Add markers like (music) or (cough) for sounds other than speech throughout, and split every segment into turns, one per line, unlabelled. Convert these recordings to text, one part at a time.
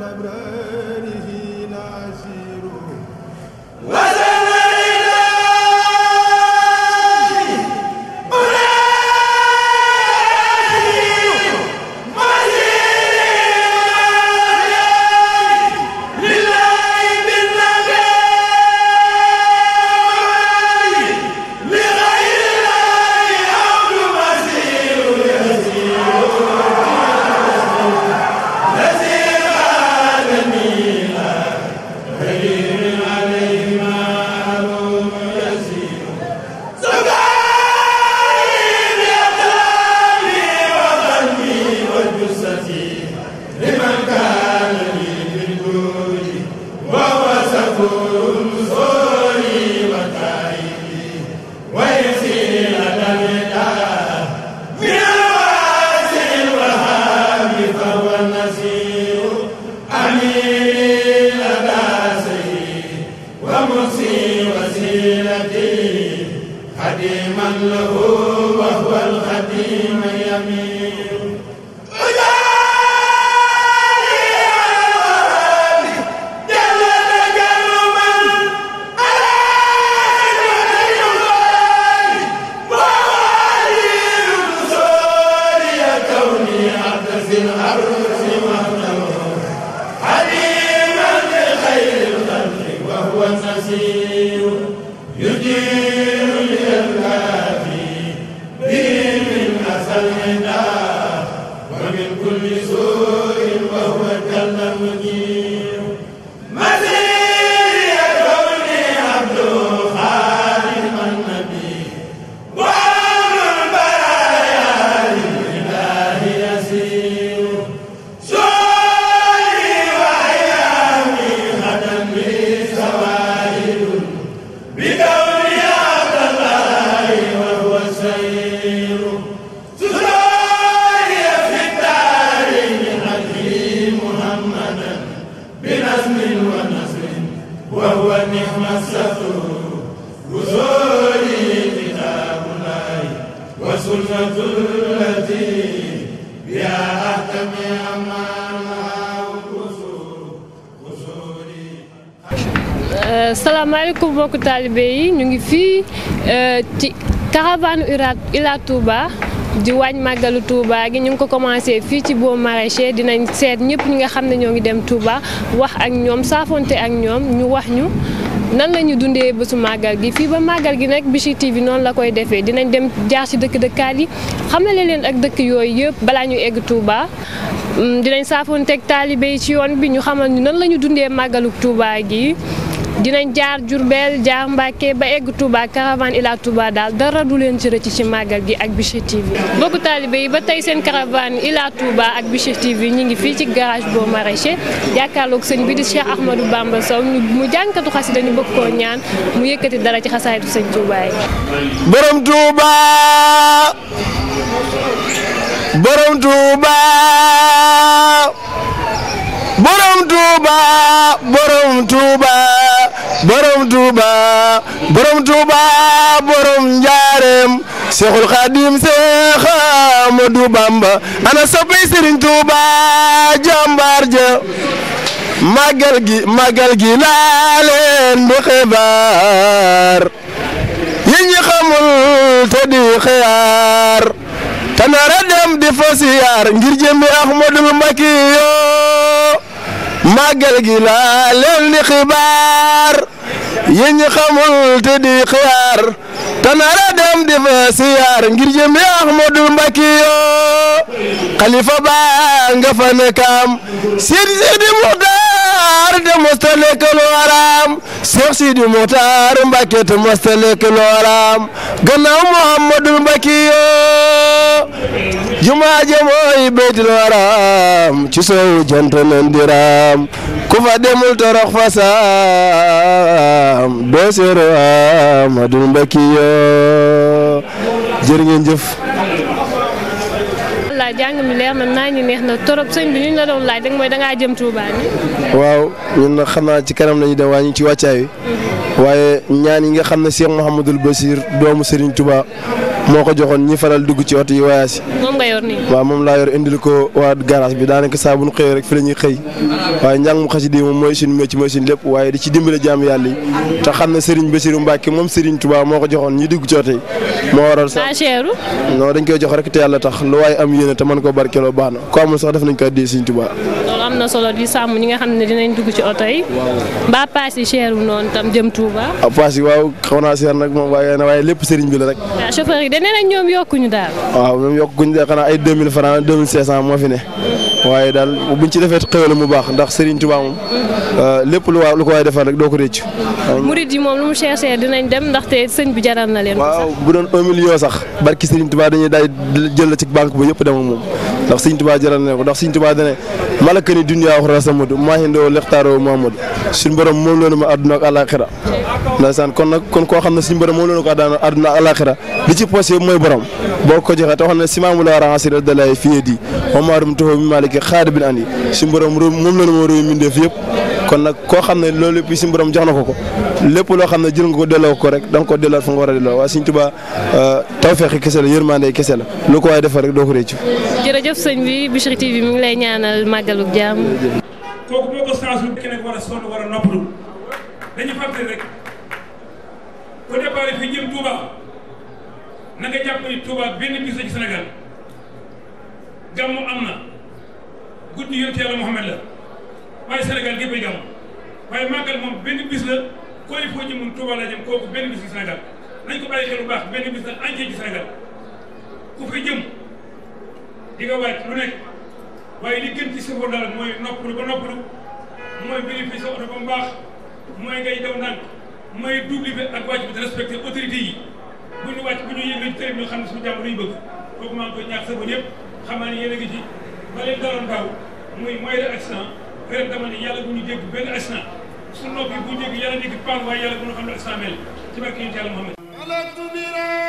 الأبرار في ناسي سنة التي بها أهتم
taalibe yi ñu ngi fii euh, ci caravane Ila Touba di waaj màggalu Touba gi ñu ngi ko commencé fii ci boo maraîcher dinañ seet ñépp ñi nga xam ne ñoo ngi dem Touba wax ak ñoom saafonte ak ñoom ñu wax ñu. nan la ñu dundee bésu màggal gi fii ba màggal gi nag Bichri TV noonu la koy defee dinañ dem jaar ci dëkk dëkkaat yi xamale leen ak dëkk yooyu yëpp balaa ñu egg Touba. Mm, dinañ saafoon teg taalibe yi ci yoon bi ñu xamal ñu nan la ñu dundee màggaluk Touba gi dinañ jaar Diourbel jaar Mbacké ba egg Touba caravane ila Touba daal dara du leen ci rëcc ci màggal gi ak Bichri TV mbokku taalibe yi ba tey seen caravane ila Touba ak Bichri TV ñu ngi fii ci garage boo maraîcher jàkkaarloog sëñ bi di Cheikh Ahmadou Bamba Sow mu jànkatu xasi dañu bëgg koo ñaan mu yëkkati dara ci xasaayitu sëñ Touba yi
borom Touba borom Touba borom Touba borom Touba borom Touba borom Njaareem Seexul Xaadim Seex Amadu Bamba ana soppay Serigne Touba jàmbaar ja màggal gi màggal gi laa leen di xibaar yi xamul te di xiyaar te nara di fa siyaar ngir jëmbi Ahmadul Makiyoo màggal gi laa leen di xibaar yi xamul te di xiyaar te nara dem di fa siyaar ngir jëmi Ahmadul Mbakiyo xalifa ba nga fa nekkaam sidi sidi Muxtaar te mosta lekk lu araam Cheikh Sidi Muxtaar Mbàkke te mosta lekk lu araam gannaaw Muhammadul Mbakiyo jumaa ja mooy Baytul Haram ci soowu jant nan di demul torox fa saam
doo seero Mbakiyo jërë ngeen jëf
waaw jàng mi leer na naa ñu neex na torop sëñ bi ñu la doon laaj rek mooy da ngaa jëm
waaw ñun nag xam naa ci kanam la ñuy dem waaye ñu ci wàccaay wi mm-hmm. waaye ñaan yi nga xam ne Cheikh Mouhamadul Bachir doomu Serigne Touba moo ko joxoon ñi faral dugg ci oto yi voyage. moom nga yor waaw moom laa yor indil ko waa garage bi daanaka saa bu ñu xëyee rek fi la ñuy xëy waaye njàng mu xasida yi moom mooy suñu métier mooy suñu lépp waaye di ci dimbale jaamu yàlla yi te xam ne Serigne Bassirou Mbacke moom Serigne tubaa moo ko joxoon ñi dugg ci oto yi moo waral sax non dañ koy jox rek te yàlla tax lu waaye am yéene te mën ko barkeeloo baax na ko amul sax def nañ ko addee Serigne Touba
na solo di sàmm ñi nga xam ne dinañ dugg ci oto yi. mbaa paas yi cher wu noonu tam jëm Touba.
ah paas waaw xaw naa cher nag moom waaye waaye lépp sëriñ bi la rek.
waaw ah, chauffeur yi de nee nañ ñoom yokkuñu daal.
waaw ah, ñoom yokkuñu daal xanaa ay 2000 francs 2500 moo fi ne. waaye daal buñ ci defee xéwal mu baax ndax sëriñ Touba moom. Ah, lépp lu waa lu ko waay defal rek doo ko rëcc. murid
yi moom lu mu cher cher dinañ dem ndaxte sëñ bi jaral na leen. waaw
bu doon 1 million sax barki sëriñ Touba dañuy daal jël la ci banque ba yëpp dem ak moom ndax Sëñ Tuubaa jaral na ko ndax Sëñ Tuubaa dane malaka ni dunya wax rasamadu maahindoo lextaaroo Muhammadu suñu borom moom loonu ma àdduna ak àlaxira ndeysaan kon nag kon koo xam ne suñu borom moom loonu ko àdduna ak àlaxira borom boo ko joxee te wax ne si maamu la raxasi da dalay fiyee di omaarum taxoo bi maliki xaar bin andi suñu borom moom loonu moo réew mindeef yëpp kon nag koo xam ne loolu yëpp suñu borom jox na ko ko lépp loo xam ne jël nga ko delloo ko rek da nga ko delloo fa nga war a delloo waaye Sëriñ euh, la yërmande kese la lu ko waaye defar rek doo ko réccu.
jërëjëf sëñ bi Bichri TV mi ngi lay ñaanal màggalu jàmm. kooku
boo ko saa su nekk war a sonn war a noppalu dañu fàttali rek bu départ fi jëm Touba na jàpp ni benn bis la ci Sénégal gàmmu am na guddi yonent Yàlla Muhammad la. waaye Sénégal gépp ay gàmmu waaye màggal moom benn bis la koy foo ci mun Touba la jëm kooku benn bis ci Sénégal nañ ko bàyyi xel bu baax benn bis la entier ci Sénégal ku fa jëm di nga waaj lu nekk waaye li gën ci safar daal mooy noppalu ba noppalu mooy bénéfice sa oto ba mu baax mooy ngay daw ndànk mooy double bi ak wàcc bi te respecté autorité yi bu ñu wàcc bu ñu yëngal tërëb ñu xam ne suñu jàmm lu ñu bëgg kooku maa ngi koy xam a ngi ci ba leen réer dama ne yàlla bu ñu dégg benn instant su noppi bu ñu dégg yàlla dégg pan waaye yàlla bu
ñu xam ne instant mel ci barke yonent yàlla
Muhammad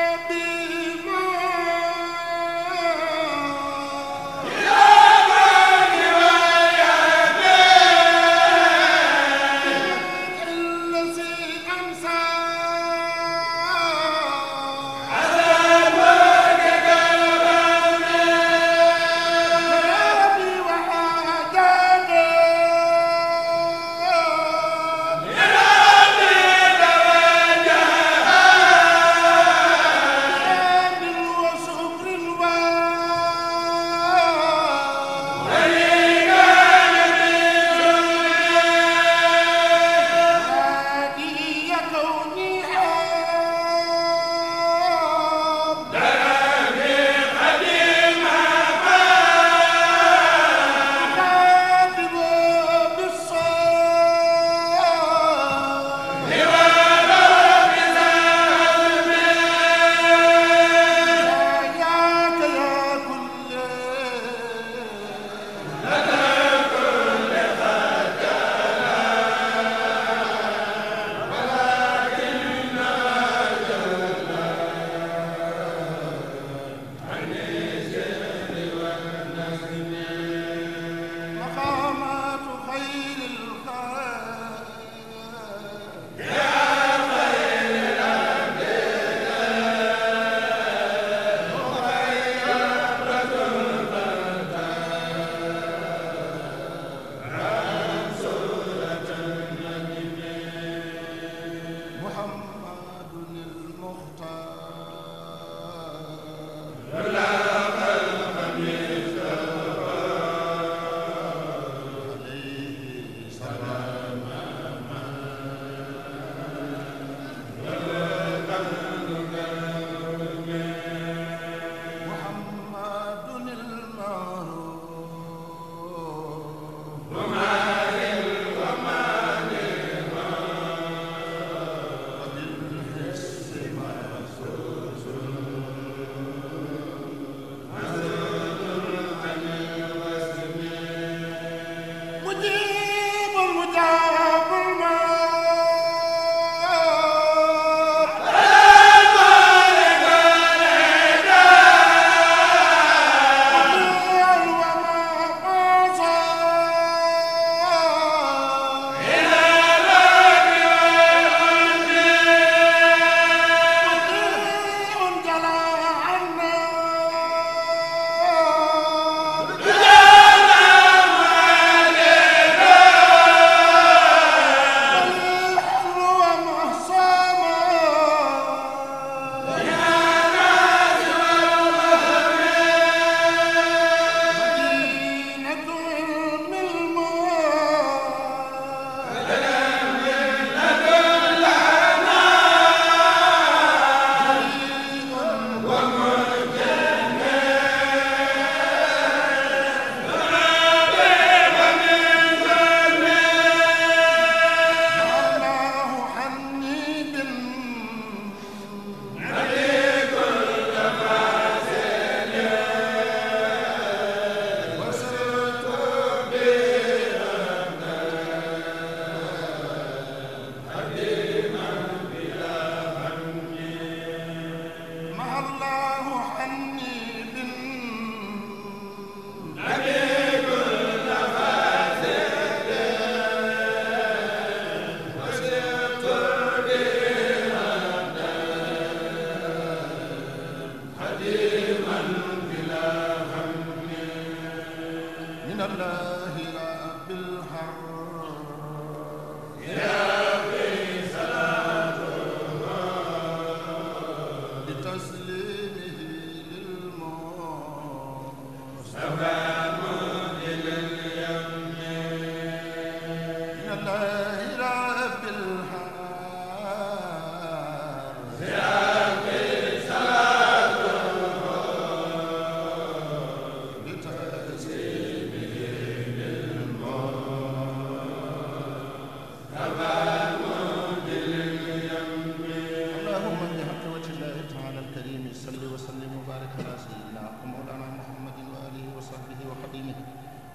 salli wa sallim wa barik ala sayyidina wa mawlana muhammadin wa alihi wa sahbihi wa xadimih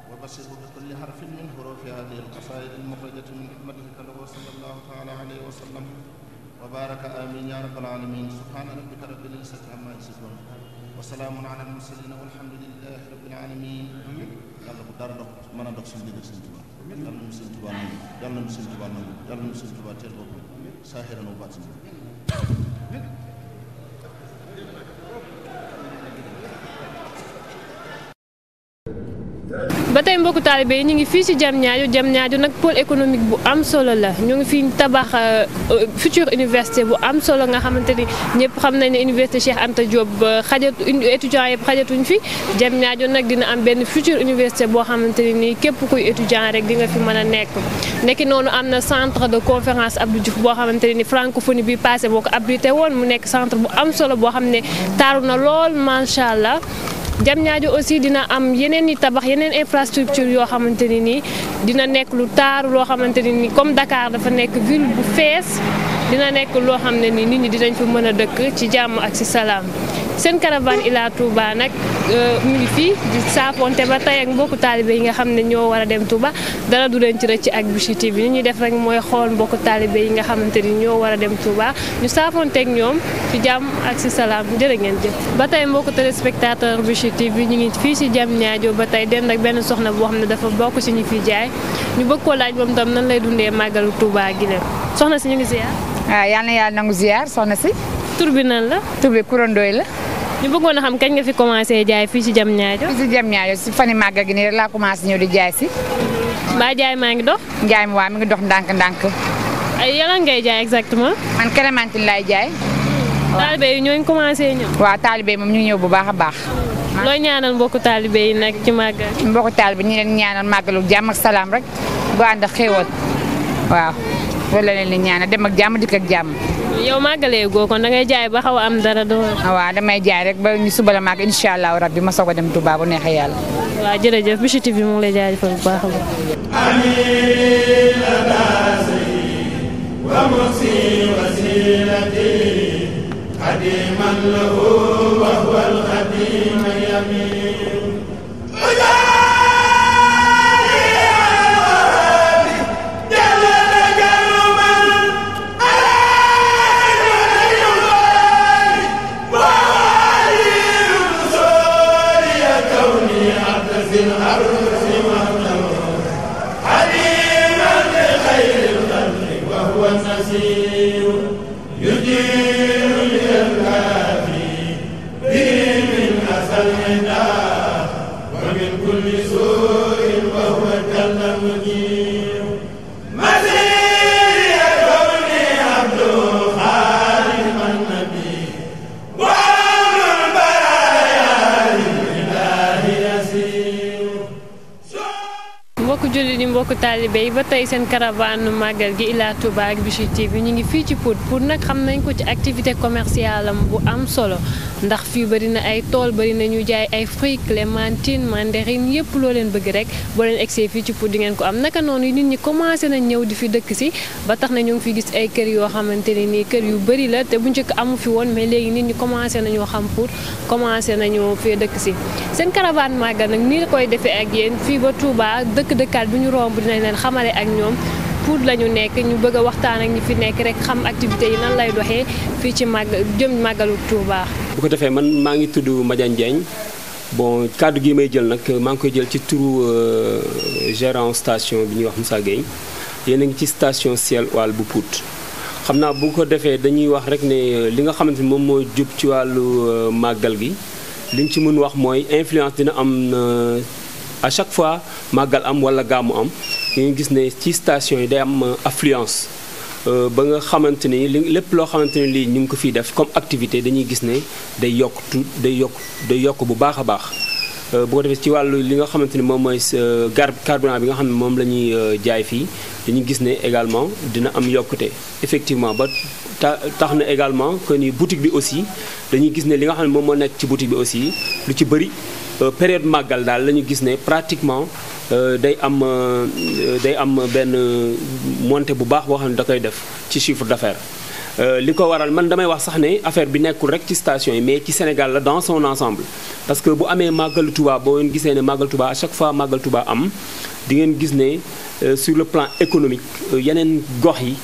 wa basirhu bi kulli harfin min hurufi hadihi alqasaid almuxrajati min xamadihi kalahu sallallahu taala alayhi wa sallam wa baraka amin ya rabbal alamin subhana rabbika rabbil izzati amma yasifun wa salaamun ala almursalin walhamdulillahi rabbil alamin yàlla bu dara dox mën a dox suñu digg Sëñ Tuubaa yàlla nañu Sëñ Tuubaa nangu yàlla nañu Sëñ Tuubaa nangu yàlla nañu Sëñ Tuubaa teel boppam saahiran
wa baatinan
ba tey mbokku taalibe yi ñu ngi fii ci jam Diamniadio nag pôle économique bu am solo la ñu ngi fi tabax euh, euh, future université bu am solo nga xamante ni ñëpp xam nañ ne université Cheikh Anta Diop xajatu étudiants yëpp xajatuñ fi Diamniadio nag dina am benn future université boo xamante ni nii képp kuy étudiant rek di nga fi mën a nekk nekki noonu am na centre de conférence Abdou boo xamante ni francophonie bi passé boo ko abrité woon mu nekk centre bu am solo boo xam ne taaru na lool macha allah. Diamniadio aussi dina am yeneen i tabax yeneen infrastructure yoo xamante ni nii dina nekk lu taaru loo xamante ni nii comme dakaar dafa nekk ville bu fees dina nekk loo xam ne ni nit ñi dinañ fa mën a dëkk ci jàmm ak ci salaam seen caravane Ila Touba nag euh, mu ngi fii di saafonte ba tey ak mbokku taalibe yi nga xam ne ñoo war a dem Touba dara du leen ci rëcc ak Bichri TV ni ñuy def rek mooy xool mbokku taalibe yi nga xamante ni ñoo war a dem Touba ñu saafonte ak ñoom ci jàmm ak si salaam jërë ngeen jëf. ba tey mbokku téléspectateur Bichri TV ñu ngi fii si jam ñaajo ba tey den ak benn soxna boo xam ne dafa bokk si ñu fi jaay ñu bëgg laaj moom tam nan lay dundee màggalu Touba gi leen soxna si ñu ngi ziar. waaw ah, yal na yàlla nangu ziar soxna si. tur bi nan la. tur bi kurandooy la. ñu bëggoon a xam kañ nga fi commencé jaay fii ci jam Diamniadio. fii ci Diamniadio si i màgg gi nii laa commencé ñoo di jaay si. mbaa jaay maa ngi dox. jaay mi waa mi ngi dox ndànk-ndànk. ay yàlla ngay jaay exactement. man clémentine laay jaay. waaw taalibe yi ñoo ngi commencé ñëw. taalibe yi moom ñu ñëw bu baax a baax. looy ñaanal mbokku taalibe yi nag ci màggal. mbokku taalibe ñu leen ñaanal màggalu jàmm ak
salaam rek bu ànd ak xéewal waaw dem ak jàmm dikk ak jàmm
yow màggalee goo kon da ngay jaay ba xaw am dara doo. waaw jaay rek ba ñu suba la màgg rabbi ma soog dem Touba bu neexee yàlla. waaw jërëjëf Bichri TV mu ngi lay jaajëfal bu baax a baax. mbokku taalibe yi ba tey seen caravane màggal gi Ila Touba ak Bichri TV ñu ngi fii ci Pout Pout nag xam nañ ko ci activité commerciale am bu am solo ndax fii bari na ay tool bari na ñu jaay ay fruits clémentine mandarine yëpp loo leen bëgg rek boo leen egsee fii ci Pout di ngeen ko am naka noonu nit ñi commencé nañ ñëw di fi dëkk si ba tax na ñu fi gis ay kër yoo xamante ne nii kër yu bari la te bu njëkk amu fi woon mais léegi nit ñi commencé nañoo xam Pout commencé nañu fee dëkk si seen caravane màggal nag nii la koy defee ak yéen fii ba Touba dëkk dëkkaat bi ñu romb dinañ leen xamale ak ñoom Pout la ñu nekk ñu bëgg a waxtaan ak ñi fi nekk rek xam activité yi nan lay doxee fii ci màgg jëm màggalu tuubaax
bu ko defee man maa ngi tudd Madiagne bon kàddu gi may jël nag maa ngi koy jël ci turu euh, gérant station bi ñuy wax Moussa Gueye yéen a ngi ci station Ciel Wal bu puut xam naa bu ko defee dañuy wax rek ne euh, li nga xamante ni moom moo jub ci wàllu euh, màggal gi li ñu ci mun wax mooy influence dina am à chaque fois màggal am wala gàmmu am ngeen gis ne ci station yi day am affluence. Euh, ba nga xamante ni lépp loo xamante ni lii ñu ngi ko fiy def comme activité dañuy gis ne day yokk tu day yokk day yokk bu baax a baax euh, boo ko defee ci wàllu li nga xamante ni moom mooy euh, gar carburant bi nga xam ne moom la ñuy jaay fii dañuy gis ne également dina am yokkute effectivement ba ta tax na également que ni boutique bi aussi dañuy gis ne li nga xam ne moom moo nekk ci boutique bi aussi lu ci bëri période màggal daal la ñu gis ne pratiquement Euh, day am euh, day am benn montée bu baax boo xam ne da koy def ci chiffre d'affaires euh, li ko waral man damay wax sax ne affaire bi nekkul rek ci station yi mais ci Sénégal la dans son ensemble parce que bu amee màggal Touba boo ngeen gisee ne màggal Touba fois màggal Touba am di ngeen gis ne sur le plan économique yeneen gox yi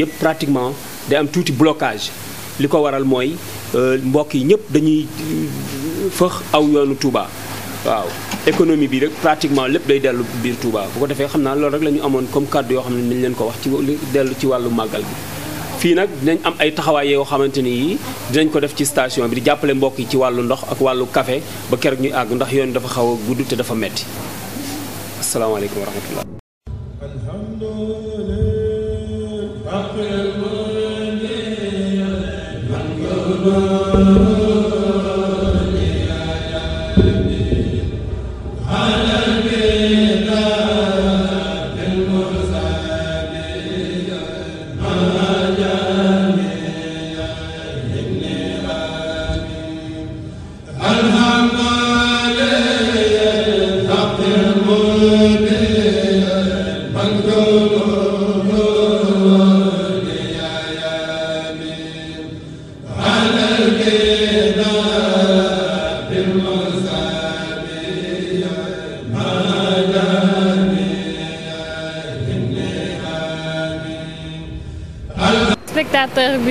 yëpp pratiquement day am tuuti blocage li ko waral mooy mbokk yi ñëpp dañuy fëx aw yoonu Touba waaw économie bi rek pratiquement lépp day dellu biir Touba bu ko defee xam naa loolu rek la ñu amoon comme kàddu yoo xam ne nañ leen ko wax ci wàllu màggal bi fii nag dinañ am ay taxawaay yoo xamante ni dinañ ko def ci station bi di jàppale mbokk yi ci wàllu ndox ak wàllu café ba keroog ñuy àgg ndax yoon dafa xaw a gudd te dafa metti asalaamaaleykum wa rahmatullah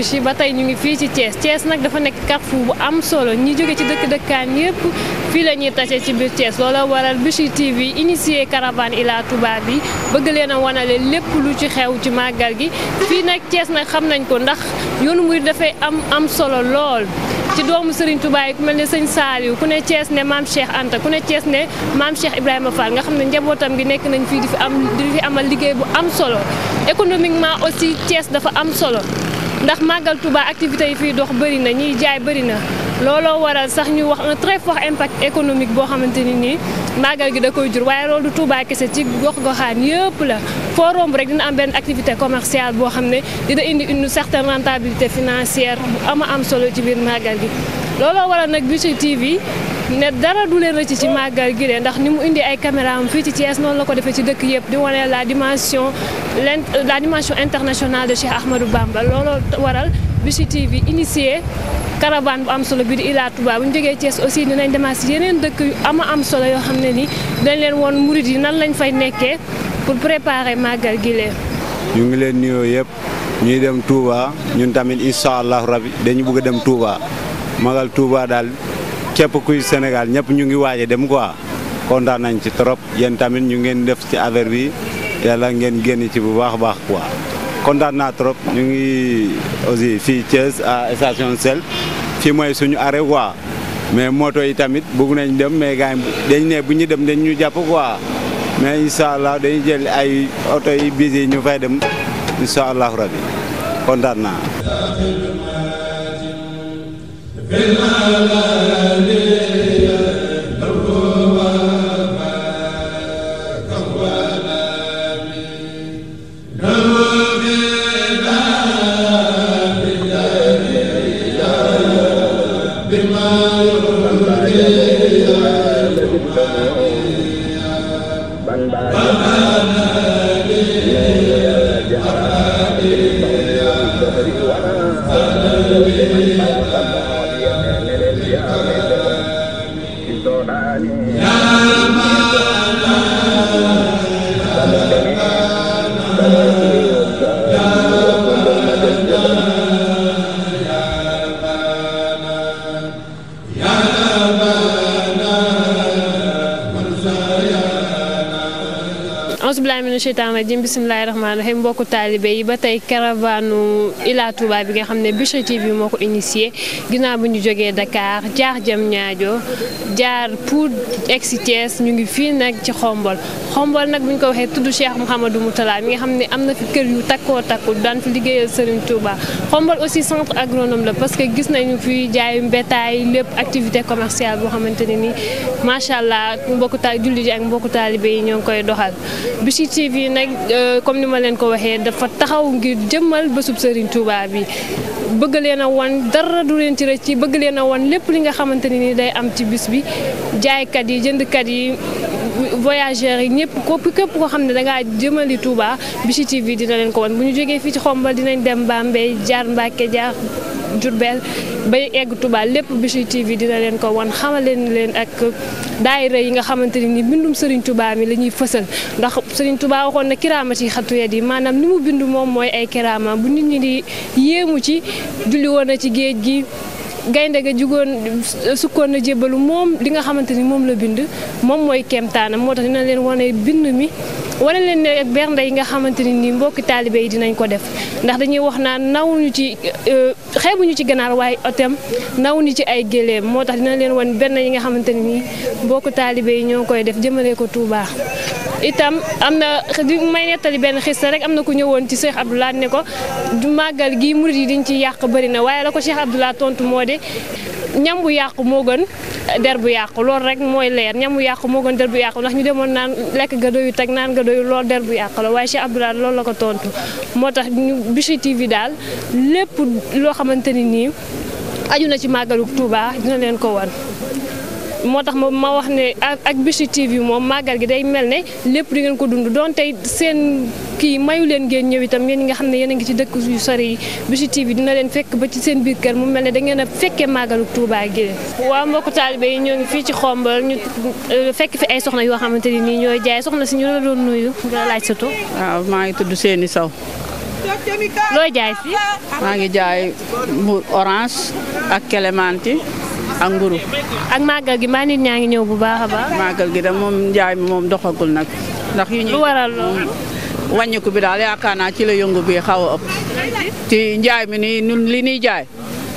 biche ba tey ñu ngi fii ci Thiès Thiès nag dafa nekk carrefour bu am solo ñi jóge ci dëkk dëkkaan yëpp fii la ñuy tase ci biir Thiès loola waral Bichri TV initié caravane ila tubaab yi bëgg leen a wanale lépp lu ci xew ci màggal gi fii nag Thiès nag xam nañ ko ndax yoonu murid dafay am am solo lool ci doomu Serigne Touba yi ku ne sëñ Saliou ku ne Thiès ne maam Cheikh Anta ku ne cees ne maam Cheikh Ibrahima Fall nga xam ne njabootam gi nekk nañ fii di fi am di fi amal liggéey bu am solo économiquement aussi Thiès dafa am solo ndax màggal Touba activités yi fiy dox bëri na ñiy jaay bëri na looloo waral sax ñu wax un très fort impact économique boo xamante ni nii màggal gi da koy jur waaye loolu du kese ci gox-goxaan yëpp la foo romb rek dina am benn activité commerciale boo xam ne dina indi une certaine rentabilité financière bu ama am solo ci biir màggal gi looloo waral nag Bichri TV ne dara du leen rëcc ci màggal gi ndax ni mu indi ay caméra am fii ci Thiès noonu la ko defee ci dëkk yëpp di wane la dimension la dimension internationale de Cheikh Ahmadou Bamba looloo waral ci TV initié caravane bu am solo bi di Ila Touba bu ñu jógee Thiès aussi dinañ demaat si yeneen dëkk yu ama am solo yoo xam ne ni dañ leen woon murit yi nan lañ fay nekkee pour préparer màggal gi
ñu ngi leen nuyoo yëpp ñuy dem Touba ñun tamit incha allah rabi dañu bëgg a dem Touba magal Touba daal. képp kuy Sénégal ñëpp ñu ngi waaj dem quoi kontaan nañ ci trop yéen tamit ñu ngeen def ci affaire bi yàlla ngeen génn ci bu baax a baax quoi kontaan naa trop ñu ngi aussi fii Thiès à station Sel ci mooy suñu arrêt quoi mais moto yi tamit bëgg nañ dem mais gars dañ ne bu ñu dem dañ ñu jàpp quoi mais incha allah dañu jël ay oto yi bis ñu fay dem incha allahu rabi kontaan naa. la
seytaan rajim bisimilahi rahmaani rahim mbokku taalibe yi ba tey caravane Ila Touba bi nga xam ne Bichri bi moo ko initié ginaaw bu ñu jógee Dakar jaar jëm ñaajo jaar pour egsi Thiès ñu ngi fii nag ci xombol xombol nag bu ñu ko waxee tudd Cheikh Mouhamadou Moutala mi nga xam ne am na fi kër yu takkoo takku daan fi liggéeyal Serigne Touba xombol aussi centre agronome la parce que gis nañu fii jaayum bétail lépp activité commerciale boo xamante ne ni macha allah mbokku taal julli ji ak yi ñoo ngi koy doxal TV nag euh, comme ni ma leen ko waxee dafa taxaw ngir jëmmal bésub Serigne tubaab yi bëgg leen a wan dara du leen ci rëcc bëgg leen a wan lépp li nga xamante ni day am ci bis bi jaaykat yi jëndkat yi. voyageurs yi ñëpp képp képp koo xam ne dangaa jëmali Touba Bichri TV dina leen ko won bu ñu jógee fii ci Xombal dinañ dem Bambey jaar Mbàkke jaar Diourbel bay egg Touba lépp Bichri TV dina leen ko wan xamal leen leen ak daayira yi nga xamante ne ni bindum sëriñ tubaa mi la ñuy fësal ndax Serigne tubaa waxoon na kiraama ci xatu yet yi maanaam ni mu bindu moom mooy ay kiraama bu nit ñi di yéemu ci julli ci géej gi. gaynde ga jugoon sukkoon na jébbalu moom li nga xamante ni moom la bind moom mooy keemtaanam moo tax dina leen wane bind mi wane leen ne bernde yi nga xamante ne nii mbokki taalibe yi dinañ ko def ndax dañuy wax naan ñu ci euh, xeebuñu ci ganaar waaye otem ñu ci ay géléem moo tax dina leen wan benn yi nga xamante ne nii mbokki taalibe yi ñoo koy def jëmale ko Touba. itam am na di may nettali benn xista rek am na ku ñëwoon ci Cheikh Abdoulaye ne ko du màggal gi murit yi diñ ci yàq bëri na waaye la ko Cheikh Abdoulaye tontu moo de ñam bu yàqu moo gën der bu yàqu loolu rek mooy leer ñam bu yàqu moo gën der bu yàqu ndax ñu demoon naan lekk ga doyu teg naan ga doyu loolu der bu yàqu la waaye Cheikh Abdoulaye loolu la ko tontu moo tax ñu Bichri TV daal lépp loo xamante ni nii aju na ci màggalu Touba dina leen ko wan moo tax ma wax ne ak Bichri TV moom màggal gi day mel ne lépp di ngeen ko dund doon tey seen kii mayu leen ngeen ñëw itam yéen nga xam ne yéen a ngi ci dëkk yu sori yi Bichri TV dina leen fekk ba ci seen biir kër mu mel ne da ngeen a fekkee màggalu Touba gi waaw mbokk taalibe yi ñoo ngi fii ci xombal ñu euh, fekk fi ay soxna yoo xamante ni nii ñooy jaay soxna si ñu la doon nuyu nga
laaj sa tur waaw maa ngi tudd seeni Sow looy jaay fii maa ngi jaay mu orange ak clémentine ak nguru ak màggal gi maa nit ñaa ngi ñëw bu baax a baax. màggal gi da moom njaay mi moom doxagul nag. ndax yu ñu lu waral loolu. Mm. wàññiku bi daal yaakaar naa ci la yëngu bi xaw a ëpp. njaay mi nii ñun li ñuy jaay.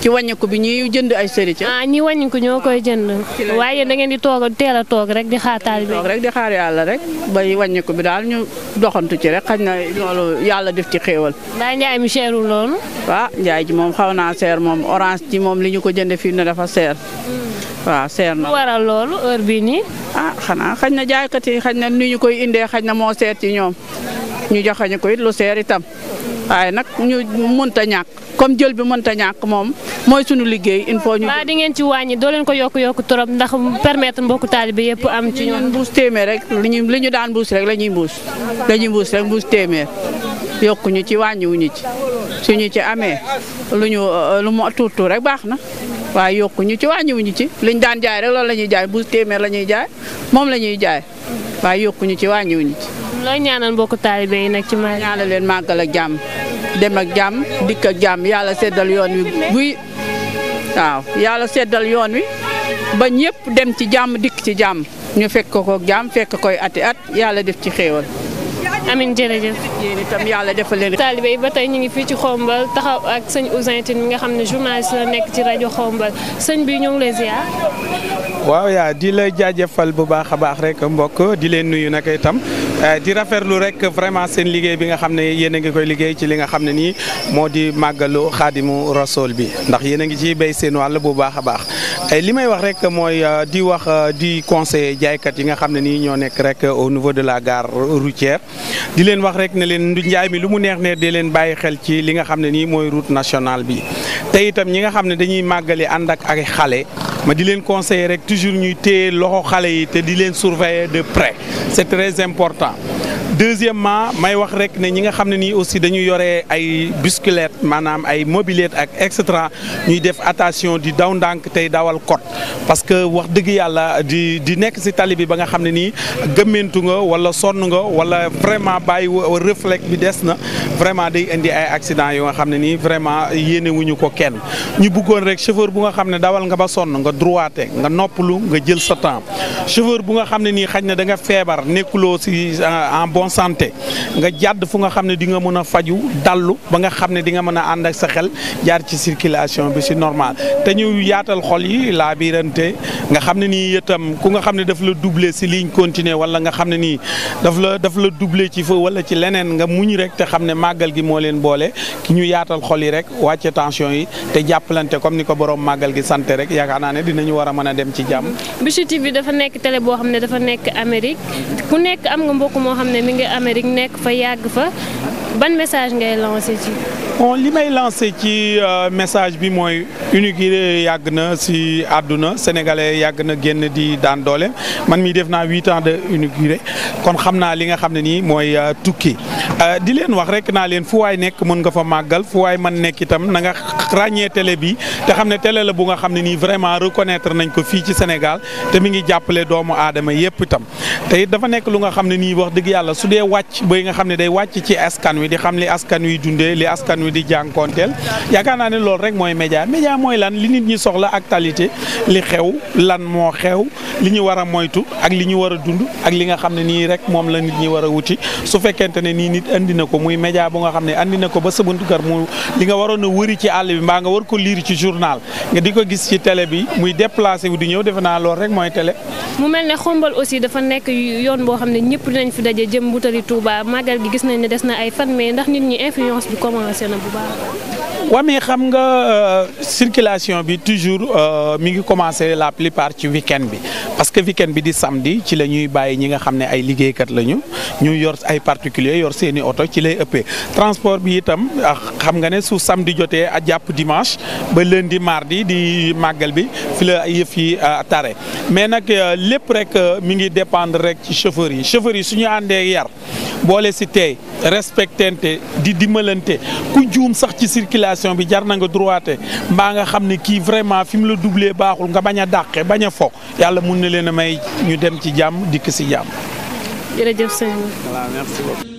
ci wàññiku bi ñuy jënd ay sëri ca. ah ñi wàññiku ñoo koy jënd. waaye da ngeen di toog teela toog rek di xaar taal bi. toog rek di xaar yàlla rek bay wàññiku bi daal ñu doxantu ci rek xañ na loolu yàlla def ci xéewal.
daa njaay mi seerul loolu.
waaw ah, njaay ji moom xaw naa seer moom orange ji moom li ñu ko jëndee fii ne dafa seer. Hmm. waa seer na waral loolu heure bii nii. ah xanaa xañ na jaaykat yi xañ na ni ñu koy indee xañ na moo seet ci ñoom ñu joxe ñu ko it lu seer itam waaye nag ñu mënta ñàkk comme jël bi mënta ñàkk moom mooy sunu liggéey il faut ñu. di ngeen ci wàññi doo leen ko yokk yokk trop ndax permettre mbokku taalibe yëpp am. ci ñoom mbuus téeméer rek li ñu li ñu daan mbuus rek la ñuy mbuus la ñuy mbuus rek mbuus téeméer yokkuñu ci wàññiwuñu ci suñu ci amee lu ñu euh, lu mu tuutu rek baax na. waaye yokku ñu ci wàññiwuñu ci liñ daan jaay rek loolu la ñuy jaay bu téeméer la ñuy jaay moom la ñuy jaay waaye yokku ñu ci wàññiwuñu ci. looy ñaanal mbokk taalibe yi nag ci ma ñaanal leen màggal jàmm dem ak jàmm dikk a jàmm yàlla seddal yoon wi guy waaw yàlla seddal yoon wi ba ñëpp dem ci jàmm dikk ci jàmm ñu fekk ko jàmm fekk koy ati at yàlla def ci xéewal
amin jërëjëf. yéen yàlla defal leen. taalibe yi ba tey ñu ngi fii ci xombal taxa ak sañ Ouzin mi nga xam ne journaliste la nekk ci rajo xombal sëñ bi ñu ngi lay
waaw yaa di la jaajëfal bu baax a baax rek mbokk di leen nuyu nag itam eh, di rafetlu rek vraiment seen liggéey bi nga xam ne yéen a ngi koy liggéey ci li nga xam ne nii moo di màggalu xaadimu rasool bi ndax yéen a ngi ciy bay seen wàll bu baax a baax eh, li may wax rek mooy eh, di wax di conseiller jaaykat yi nga xam ne nii ñoo nekk rek au niveau de la gare routière di leen wax rek ne leen njaay mi lu mu neex ne de leen bàyyi xel ci li nga xam ne nii mooy route nationale bi te itam ñi nga xam ne dañuy màggali ànd ak ay xale ma di leen conseiller rek toujours ñuy téye loxo xale yi te di leen surveiller de près c'est très important. deuxièmement may wax rek ne ñi nga xam ne nii aussi dañu yore ay bicyclette maanaam ay mobilette ak et cetera ñuy def attention di daw ndànk tey dawal kot parce que wax dëgg yàlla di di nekk ci tali bi ba nga xam ne nii gëmmentu nga wala sonn nga wala vraiment bàyyi reflet bi des na vraiment day indi ay accident yoo nga xam ne nii vraiment yéene ko kenn ñu bëggoon rek chauffeur bu nga xam ne dawal nga ba sonn nga droité nga noppalu nga jël sa temps chauffeur bu nga xam ne nii xaj na da nga feebar nekkuloo si euh, en bon santé nga jàdd fu nga xam ne dinga mën a faju dallu ba nga xam ne di nga mën a ànd sa xel jaar ci circulation bi si normal te ñu yaatal xol yi laabirante nga xam ne nii itam ku nga xam ne daf la duble si liiñ continuer wala nga xam ne nii daf la daf la doublé ci fa wala ci leneen nga muñ rek te xam ne màggal gi moo leen boole ki ñu yaatal xol yi rek wàcce tension yi te jàppalante comme ni ko borom màggal gi sant rek yaakaar naa dinañu war a mën a dem ci jàmm.
Bichri bi dafa nekk télé boo xam ne dafa nekk Amérique ku nekk am nga mbokk moo xam ne mi ngi Amérique nekk fa yàgg fa. ban message ngay lancé ci.
bon li may lancé ci euh, message bi mooy uniquité yàgg na si àdduna sénégalais yàgg na génn di daan doole man mii def na huit ans de uniquité kon xam naa li nga xam ne nii mooy euh, tukki euh, di leen wax rek naa leen fu waay nekk mën nga fa màggal fu waay mën nekk itam na nga ràññee télé bi te xam ne télé la bu nga xam ne nii vraiment reconnaître nañ ko fii ci Sénégal te mi ngi jàppale doomu aadama yépp itam te dafa nekk lu nga xam ne nii wax dëgg yàlla su dee wàcc bay nga xam ne day wàcc ci askan wi di xam li askan wi dundee li askan wi di jànkoonteel yaakaar naa ne loolu rek mooy média média mooy lan li nit ñi soxla actualité li xew lan moo xew li ñu war a moytu ak li ñu war a dund ak li nga xam ne nii rek moom la nit ñi war wuti su fekkente ne nii nit indi na ko muy média bu nga xam ne andi na ko ba sa buntu kër mu li nga waroon a wëri ci àll bi mbaa nga war ko liir ci journal nga di ko gis ci télé bi muy déplacé wu di ñëw defe naa loolu rek mooy télé.
mu mel ne xombal aussi dafa mais ndax nit ñi influence bi commencé na bu baax.
waa mais xam nga euh, circulation bi toujours euh, mi ngi commencé la plupart ci week-end bi parce que week bi di samedi ci la ñuy bàyyi ñi nga xam ne ay liggéeykat lañu ñu yor ay particuliers yor seeni oto ci lay ëppee transport bi itam ah, xam nga ne su samedi jotee a jàpp dimanche ba lundi mardi di màggal bi fi la yëf yi euh, tare mais nag lépp rek mi ngi dépendre rek ci chauffeurs yi chauffeurs yi suñu àndee yar boole si tey respectante di dimbalante ku juum situation bi jar na nga droité mbaa nga xam ne kii vraiment fi mu la doublé baaxul nga bañ a dàqe bañ a foog yàlla mun na leen a may ñu dem ci jàmm dikk si jàmm.
jërëjëf sëñ bi.
voilà merci beaucoup.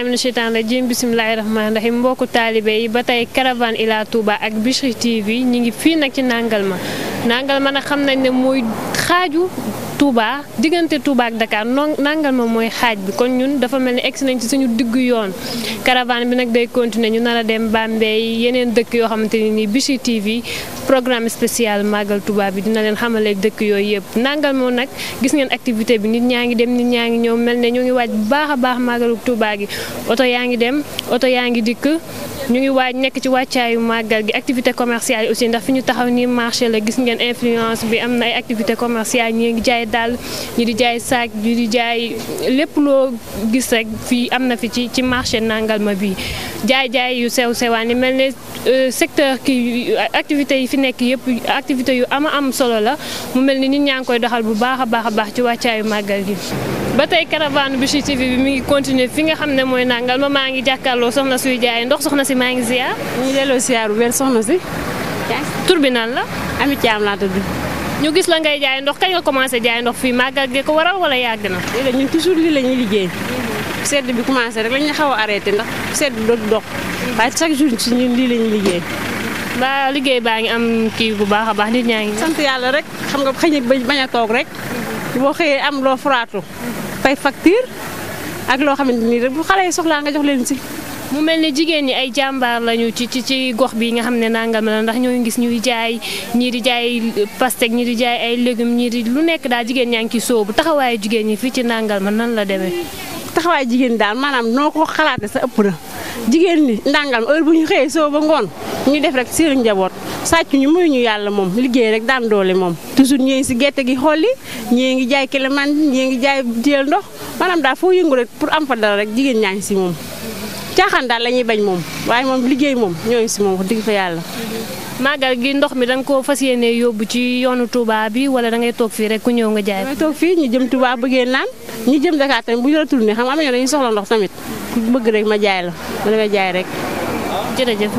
billahi mina sheytaan rajim bisimilahi rahmaani rahim mbokku taalibe yi ba tey caravane ila Touba ak Bichri TV ñi ngi fii nag ci Nangalma Nangalma nag xam nañ ne mooy xaaju Touba diggante Touba ak Dakar nangal ma mooy xaaj bi kon ñun dafa mel ni egsi nañ ci suñu diggu yoon caravane bi nag day continuer ñu nar a dem Bambey yeneen dëkk yoo xamante ne nii Bichri TV programme spécial Magal Touba bi dina leen xamale dëkk yooyu yëpp nangal moo nag gis ngeen activité bi nit ñaa ngi dem nit ñaa ngi ñëw mel ne ñoo ngi waaj bu baax a baax Magalu Touba gi oto yaa ngi dem oto yaa ngi dikk ñu ngi waaj nekk ci wàccaayu màggal gi activité commerciale yi aussi ndax fi ñu taxaw ni marché la gis ngeen influence bi am na ay activité commerciale ñi ngi jaay dàll ñi di jaay saak ñi di jaay lépp loo gis rek fii am na fi ci ci marché nangal ma bii jaay jaay yu sew sewaan yi mel ne euh, secteur ki activité yi fi nekk yëpp activité yu ama am solo la mu mel ni nit ñaa ngi koy doxal bu baax a baax a baax ci wàccaayu màggal gi ba tey caravane Bichri TV bi xam ne mooy nangal ma maa ngi jàkkaarloo soxna maa ngi ziar. ñu ngi delloo ziar bu wér soxna si. tur bi nan la. Ami Thiam laa tudd. ñu gis la ngay jaay ndox kañ nga commencé jaay ndox fii màggal gi ko waral wala yàgg na. léegi ñun toujours lii la ñuy liggéey. Mm-hmm. sedd bi commencé rek la ñuy xaw a ndax sedd bi doog dox. Mm-hmm. waaye chaque
jour ci lii la liggéey.
ba liggéey baa ngi am kii bu baax a baax nit ñaa ngi. sant yàlla rek xam nga xëy na bañ a toog rek. Mm-hmm. boo xëyee am loo furaatu. fay facture ak loo xamante nii rek bu xale yi soxlaa nga jox leen si. mu mel ne jigéen ñi ay jàmbaar lañu ci ci ci gox bi nga xam ne nangam la ndax ñoo gis ñuy jaay ñii di jaay pastèque ñii di jaay ay légumes ñii lu nekk daal jigéen ñaa ngi ciy sóobu jigéen ñi fii ci nangal nan la
demee. taxawaayu jigéen ñi daal maanaam noo ko xalaatee sa ëpp na jigéen ñi ndàngal heure bu ñu xëyee soo ba ngoon ñu def rek seen njaboot sàcc ñu muy ñu yàlla moom liggéey rek daan doole moom toujours ñii ngi si gerte gi xolli ñii ngi jaay keleman ñii ngi jaay teel ndox maanaam foo yëngu rek pour am fa rek jigéen ñaa ngi si moom caaxaan daal la ñuy bañ moom waaye moom liggéey moom ñoo ngi si moom wax dëgg fa yàlla.
màggal gi ndox mi da nga koo fas yéene yóbbu ci yoonu Touba bi wala da ngay toog fii rek ku ñëw nga jaay. ma ngay toog fii ñu jëm Touba bëggee naan ñu jëm Dakar tamit bu ñu la tourné xam am na ñoo dañuy soxla ndox tamit ku bëgg rek ma jaay la ma demee jaay rek jërëjëf.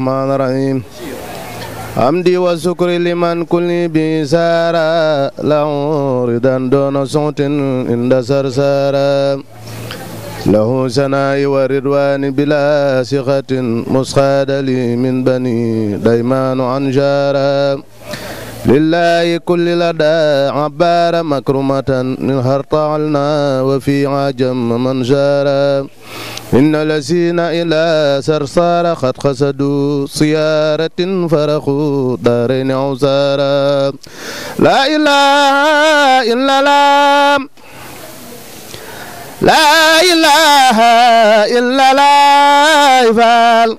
الرحمن الرحيم حمدي وشكري لمن كل بسارة له رضا دون صوت عند سرسارة له سناء وردوان بلا سخة مسخاد لي من بني ديمان عنجارا lillahi kulli lada abara makrumatan min hartaalna wa fi ajam man jara inna lasina ila sarsara xat siyaratin faraxu daarayni awsara la la la illa la fal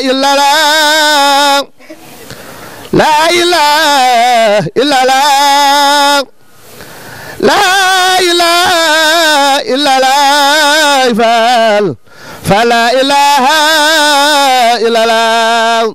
إلا لا لا إله إلا لا لا إله إلا لا فلا إله إلا لا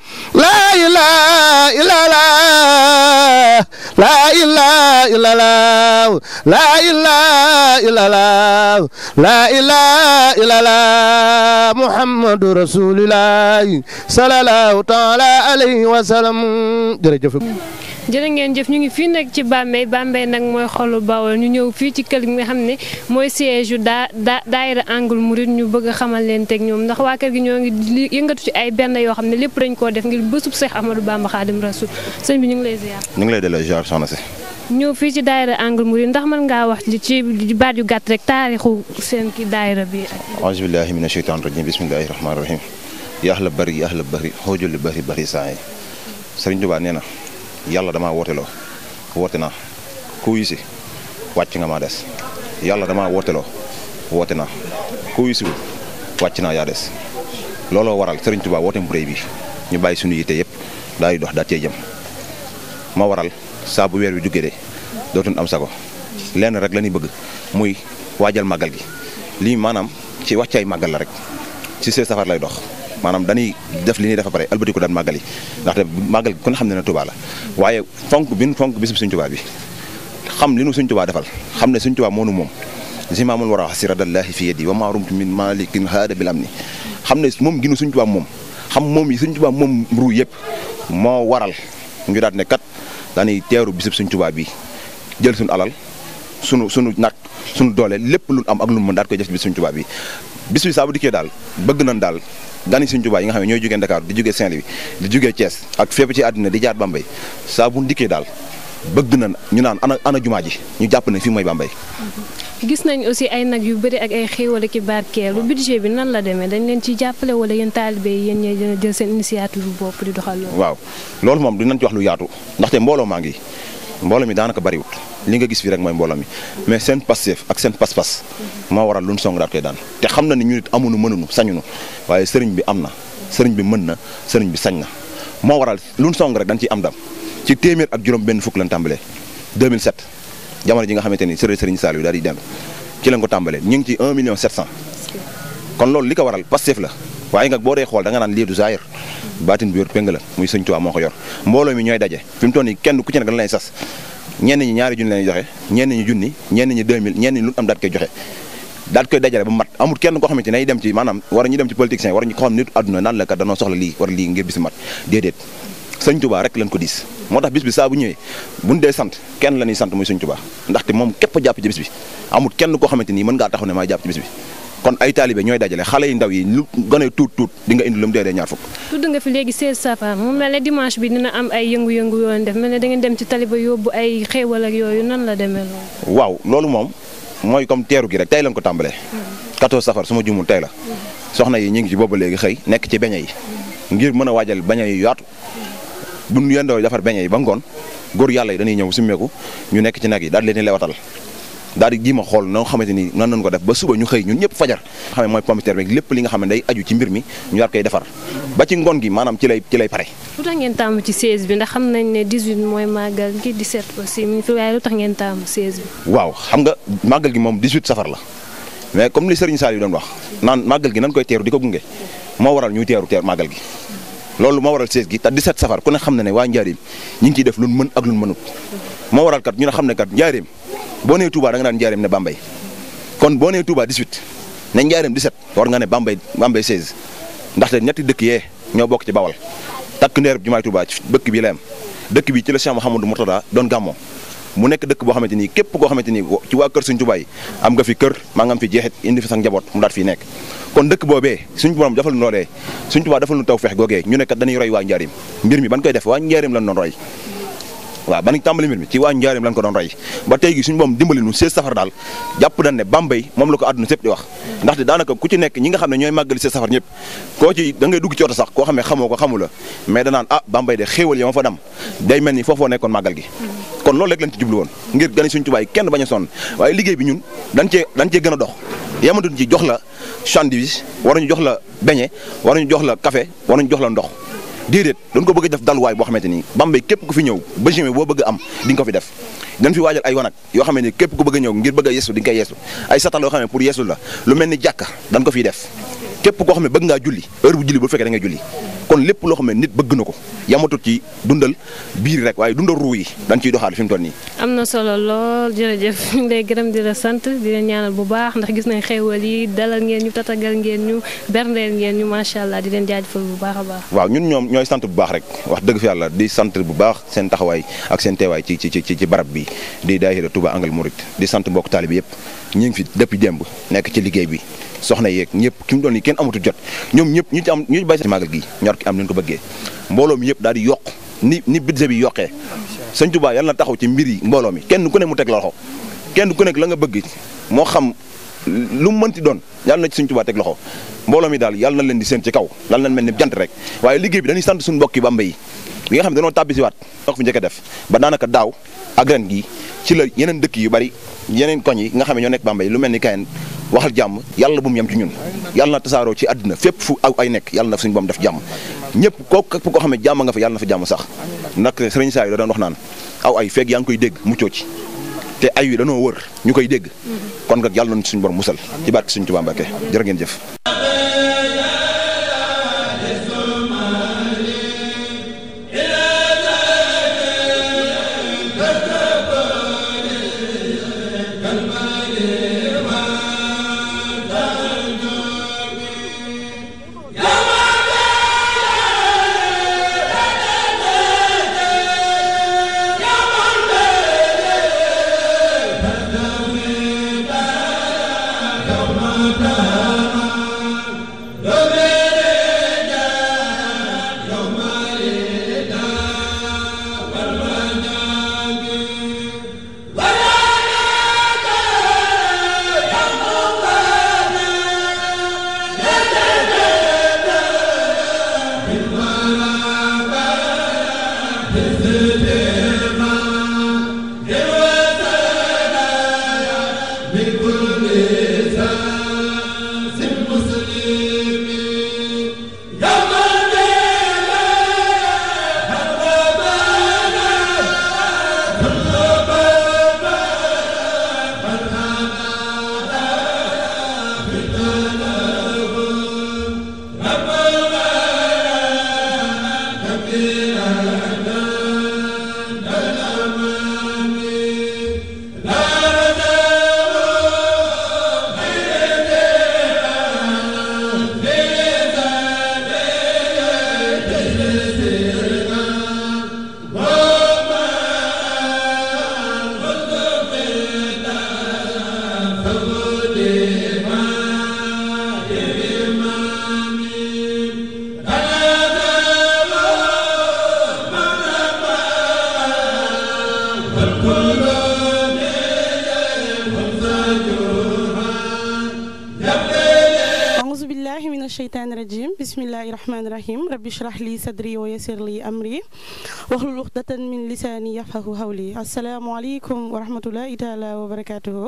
laa ilaaha illallaah laa ilaaha illallaah laa ilaaha illallaah laa ilaaha illallaah muhammadu rasuulullaah sallallaahu taala alayhi wa sallam jërëjëf
jërë ngeen jëf ñu ngi fii nag ci Bambey Bambey nag mooy xolu Bawol ñu ñëw fii ci kër gi nga xam ne mooy siège yu daa daa daayira Angle Mouride ñu bëgg a xamal leen teg ñoom ndax waa kër gi ñoo ngi yëngatu ci ay benn yoo xam ne lépp dañ koo def ngir bësu bésub Seex Ahmadou Bamba Xaadim Rasul sëñ bi ñu ngi lay ziar.
ñu ngi lay delloo ziar soxna si.
ñëw fii ci daayira Angle Mouride ndax man ngaa wax ci baat yu gàtt rek taarixu seen ki daayira bi.
auzu billaahi mina sheytaani rajiim bismillaahi rahmaani rahiim. yaa la bari yaa la bari xoojul bari bari saa yi sëriñ Tuubaa na yàlla damaa wooteloo woote naa ku si wàcc nga ma des yàlla damaa wooteloo woote naa ku wuyu si wàcc naa yaa des looloo waral Serigne Touba wooteem bu rëy bi ñu bàyyi suñu yite yëpp daal dox daal cee jëm ma waral saa bu weer wi duggee de dootuñ am sago lenn rek la ñuy bëgg muy waajal màggal gi lii maanaam ci wàccaay màggal la rek ci see safar lay dox. maanaam dañuy def li ñuy def pare albatiku daan màggal yi ndaxte màggal ku ne xam ne na Touba la waaye fonk bi nu fonk bisub suñ Touba bi xam li nu suñ Touba defal xam ne suñ Touba moonu moom zimamul war a siradallaahi fi yadi wa ma rumtu min malikin haada bil amni xam ne moom ginu suñ Touba moom xam moom yi suñ Touba moom ruu yëpp moo waral ñu daat ne kat danuy teeru bisub suñ Touba bi jël suñ alal sunu sunu nag sunu doole lépp lu am ak lu mu mën koy def bi suñ Touba bi bis bi saa bu dikkee daal bëgg nañ daal gani Sëriñ Tuubaa yi nga xam ne ñooy jugee Dakar di jugee Saint-Louis di jugee Thiès ak fépp ci àddina di jaar Bambey saa bu daal bëgg nañ ñu naan ana ana jumaa ji ñu jàpp ne fii mooy Bambey.
gis nañ aussi ay nag yu bëri ak ay xéewal ki barkeelu budget bi nan la demee dañ leen ci jàppale wala yéen taalibe yi yéen ñooy jël seen initiative bopp di doxal loolu.
waaw loolu moom dinañ ci wax lu yaatu ndaxte mbooloo maa ngi mbooloo mi daanaka bariwut li nga gis fii rek mooy mbooloo mais seen passeef ak seen pas-pas moo waral lu ñu song daal koy daan te xam na ni ñu nit amunu mënunu sañunu waaye sëriñ bi am na sëriñ bi mën na sëriñ bi sañ na moo waral lu ñu song rek dañ ci am dam ci téeméer ak juróom benn fukk lañ tàmbalee 2007 jamono ji nga xamante ni sëriñ sëriñ bi daal di dem ci lañ ko tàmbalee ñu ngi ci 1 million 700 kon loolu li ko waral passeef la waaye nga boo dee xool da nga naan lii du zaahir baatin bi yor péng ko yor mbooloo mi ñooy daje fi mu toll nii kenn ku ci nekk dañ lay sas ñenn ñi ñaari junni lañuy joxe ñenn ñi junni ñenn ñi 2000 ñenn ñi lu am daat koy joxe daat koy dajale ba mat amul kenn koo xamante ne dem ci maanaam war ñu dem ci politicien war ñu ko xam nit àdduna naan la kat danoo soxla lii war lii ngir bis mat déedéet sëñ Tuubaa rek lañ ko diis moo tax bis bi saa bu ñëwee buñ dee sant kenn la ñuy sant muy sëñ Tuubaa ndaxte moom képp jàpp ci bis bi amul kenn koo xamante nii mën ngaa taxaw ne maa jàpp ci kon ay taalibe ñooy dajale xale yu ndaw yi lu gën a tuut tuut di nga indi lu mu dee dee ñaar fukk.
tudd nga fi léegi 16 safar mu mel ne dimanche bi dina am ay yëngu-yëngu yoon def mel ne da ngeen dem ci taliba yóbbu ay xéewal ak yooyu nan la demee loolu.
waaw loolu moom mooy comme teeru gi rek tey lan ko tàmbale 14 hmm. safar suma ma jumul tey la. Hmm. soxna yi ñu ngi ci boobu léegi xëy nekk ci beñe yi.
Hmm.
ngir mën a waajal beñe yu yaatu. bu ñu yendoo defar beñe yi ba ngoon góor yàlla yi ñëw simmeeku ñu nekk ci nag yi daal leen lewatal daal di jii ma xool noo xamante ni nan nañ ko def ba suba ñu xëy ñun ñëpp fajar xam ne mooy pompiteur bi lépp li nga xam ne day aju ci mbir mi ñu daal koy defar ba ci ngoon gi maanaam ci lay ci lay pare
lu tax ngeen tàmm ci bi gi 17 bi
waaw xam nga màggal gi moom 18 safar la mais comme li Serigne Saliou doon wax naan màggal gi nan koy teeru di ko gunge moo waral ñuy teeru teer màggal gi loolu moo waral 16 gi te 17 safar ku ne xam na ne waa Njaaréem ñi ngi ciy def lu mën ak moo waral kat ñu ne xam ne kat Njaaréem boo nee tubaa da nga naan Njaareem ne Bambey kon boo nee Touba 18 ne Njaareem 17 war nga ne bambay Bambey 16 ndaxte ñetti dëkk yee ñoo bokk ci Bawal takk ndeer bi jumaay Touba ci dëkk bi la am dëkk bi ci la Cheikh Mouhamadou Mourtada doon gàmmoo mu nekk dëkk boo xamante ni képp koo xamante ni ci waa kër Sëriñ Tuubaa am nga fi kër maa nga fi jeexit indi fi sax njaboot mu daat fi nekk kon dëkk boobee suñu borom defal nu loolee suñ Tuubaa defal lu taw feex googee ñu nekk dañuy roy waa Njaareem mbir mi ban koy def waa Njaareem la doon roy waaw ba nañ tàmbali mbir mi ci waa njaareem lañ ko doon rey ba tey gi suñu boom dimbali nu seize safar daal jàpp dañ ne Bambey moom la ko àdduna sépp di wax ndaxte daanaka ku ci nekk ñi nga xam ne ñooy màggali seize safar ñëpp koo ci da ngay dugg ci oto sax koo xam ne xamoo ko xamu la mais danaan ah Bambey de xéewal ya fa dem day mel ni foofoo nekkoon màggal gi kon loolu rek lañ ci jublu woon ngir gani suñ tubaay kenn bañ a sonn waaye liggéey bi ñun dañ cee dañ cee gën a dox yamatuñ ci jox la sandwich waruñu jox la beñe waruñu jox la café waruñu jox la ndox déedéet doon ko bëgg def daluwaay boo xamante ni Bambey képp ku fi ñëw ba juin boo bëgg am di nga ko fi def dañ fi waajal ay wanag yoo xam ne képp ku bëgg ñëw ngir bëgg a yeesu di nga koy yeesu ay satal yoo xam ne pour yeesu la lu mel ni jàkka dañ ko fiy def képp koo xam bëgg ngaa julli heure bu julli bu fekkee da julli kon lépp loo xam ne nit bëgg na ko yamatul ci dundal biir rek waaye dundal ruu yi dañ ciy doxaat fi mu toll nii.
am na solo lool jërëjëf (laughs) ñu gërëm di sant di bu baax ndax gis nañ xéewal yi dalal ngeen ñu tatagal ngeen ñu berndeel ngeen ñu macha allah di leen jaajëfal bu baax a baax.
waaw ñun ñoom ñooy sant bu baax rek wax dëgg fi yàlla di sant bu baax seen taxawaay ak seen teewaay ci ci ci ci barab bi di daayira Touba Angle Mouride di sant mbokk taalibi yëpp ñu ngi fi depuis démb nekk ci liggéey bi soxna yeeg ñëpp ci mu doon nii kenn amatu jot ñoom ñëpp ñu ci am ñu ci bàyyi ci màggal gi ñor ki am ni ñu ko bëggee mbooloo mi yëpp daal di yokk ni ni budget bi yokkee sëñ Tuubaa yal na taxaw ci mbir yi mbooloo mi kenn ku ne mu teg loxo kenn ku nekk la nga bëgg moo xam lu mu mënti doon yàlla na suñ Tuubaa teg loxo mbooloo mi daal yàlla na leen di seen ci kaw yàlla nañ mel ni jant rek waaye liggéey bi dañuy sant suñ mbokk yi Bamba yi bi nga xam ne dañoo tàbbisiwaat ndox fi njëkk a def ba daanaka daaw ak ren gii ci la yeneen dëkk yu bari yeneen koñ yi nga xam ne ñoo nekk Bamba yi lu mel ni kayen waxal jàmm yàlla bu mu yem ci ñun yàlla na tasaaroo ci àddina fépp fu aw ay nekk yàlla na boom def jàmm ñëpp koo képp koo xam ne jàmm nga fa yàlla fa jàmm sax nag sëriñ saa yi da doon wax naan aw ay feeg yaa ngi koy dégg muccoo ci te ay wi danoo wër ñu koy dégg mm-hmm. kon nag yàlla nañu suñu borom musal ci baat suñ Tuubaa Mbàkke jërë ngeen jëf
ishrah li sadri wa yassir li amri wahlul uqdatan min lisani yafqahu qawli assalaamu aleykum wa rahmatullahi taala wa barakatuhu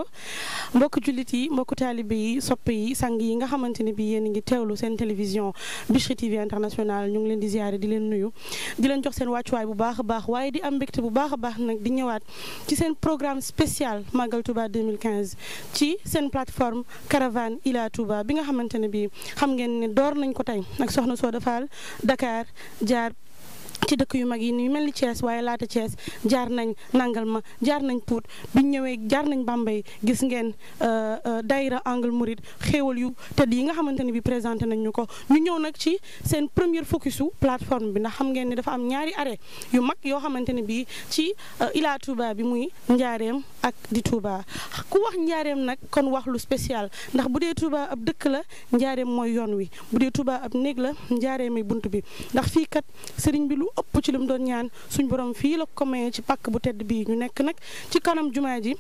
mbokk jullit yi mbokk taalibe yi sopp yi sang yi nga xamante ne bi yéen ngi teewlu seen télévision Bichri TV international ñu leen di ziare di leen nuyu di leen jox seen wàccuwaay bu baax a baax waaye di am mbégte bu baax a baax nag di ñëwaat ci seen programme spécial Magal Touba ci seen plateforme caravane ila Touba bi nga xamante ne bi xam ngeen ne door nañ ko tey nag soxna Soda Dakar jaar ci dëkk yu mag yi yu mel ni Thiès waaye laata Thiès jaar nañ ma jaar nañ Pout biñ ñëwee jaar nañ Bambey gis ngeen euh, euh, daayira angle mouride xéewal yu tëdd yi nga xamante ne bi présenté nañ ñu ko ñu ñëw nag ci seen première focus su plateforme bi ndax xam ngeen ni dafa am ñaari arrêt yu mag yoo xamante ne bi ci euh, Ila Touba bi muy njaareem ak di Touba ku wax njaareem nag kon wax lu spécial ndax bu dee Touba ab dëkk la njaareem mooy yoon wi bu dee Touba ab néeg la njaareem ay bunt bi ëpp ci li mu doon ñaan suñ borom fii la ko ci pàkk bu tedd bii ñu nekk nag ci kanam jumaa ji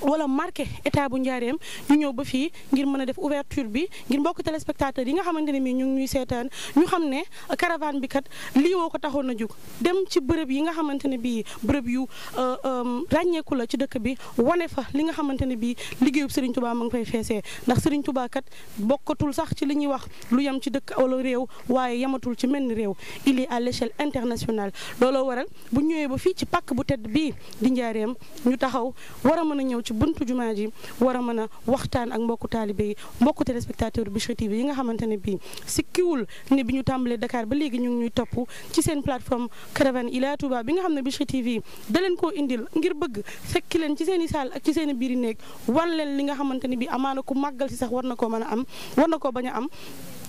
wala marqué état bu njaareem ñu ñëw ba fii ngir mën a def ouverture bi ngir mbokk téléspectateurs yi nga xamante ne mii ñu ngi ñuy seetaan ñu xam ne caravane bi kat lii moo ko taxoon na jóg dem ci bërëb yi nga xamante ne bii bërëb yu euh, euh, ràññeeku la ci dëkk bi wane fa li nga xamante ne bii liggéeyub Serigne Touba ma ngi fay feesee ndax Serigne Touba kat bokkatul sax ci li ñuy wax lu yem ci dëkk wala réew waaye yamatul ci menn réew il est à l'échelle internationale looloo waral bu ñëwee ba fii ci pàkk bu tedd bii di njaareem ñu taxaw war a mën a ñëw ci buntu jumaa ji war a mën a waxtaan ak mbokku taalibe yi mbokku téléspectateur Bichri TV yi nga xamante ne bii sikkiwul ne bi ñu tàmbalee Dakar ba léegi ñu ngi ñuy topp ci seen plateforme caravane ila Touba bi nga xam ne Bichri TV da leen koo indil ngir bëgg sekki leen ci seen i saal ak ci seen i biiri néeg wan leen li nga xamante ne bii amaana ku màggal si sax war na koo mën a am war na koo bañ a am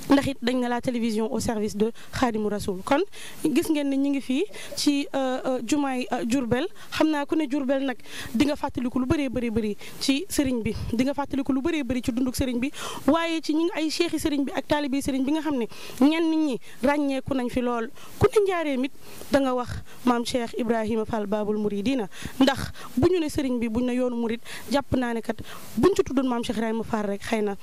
ndax it dañ na la télévision au service de Khadimou Rasoul kon gis ngeen ne ñu ngi fii ci euh, euh, jumaay Jurbel euh, xam naa ku ne Jurbel nag dinga nga fàttaliku lu bëree bëri bëri ci sëriñ bi di nga fàttaliku lu bëree bëri ci dunduk sëriñ bi waaye ci ñi ay seexi sëriñ bi ak taalibi sëriñ bi nga xam ne ñenn ñi ràññeeku nañ fi lool ku ne njaaree mit da nga wax maam Cheikh Ibrahima Fall Babul Mouridina ndax bu ñu ne sëriñ bi buñ na yoonu murid jàpp naa ne kat buñ ci tuddoon maam Cheikh Ibrahima Fall rek xëy na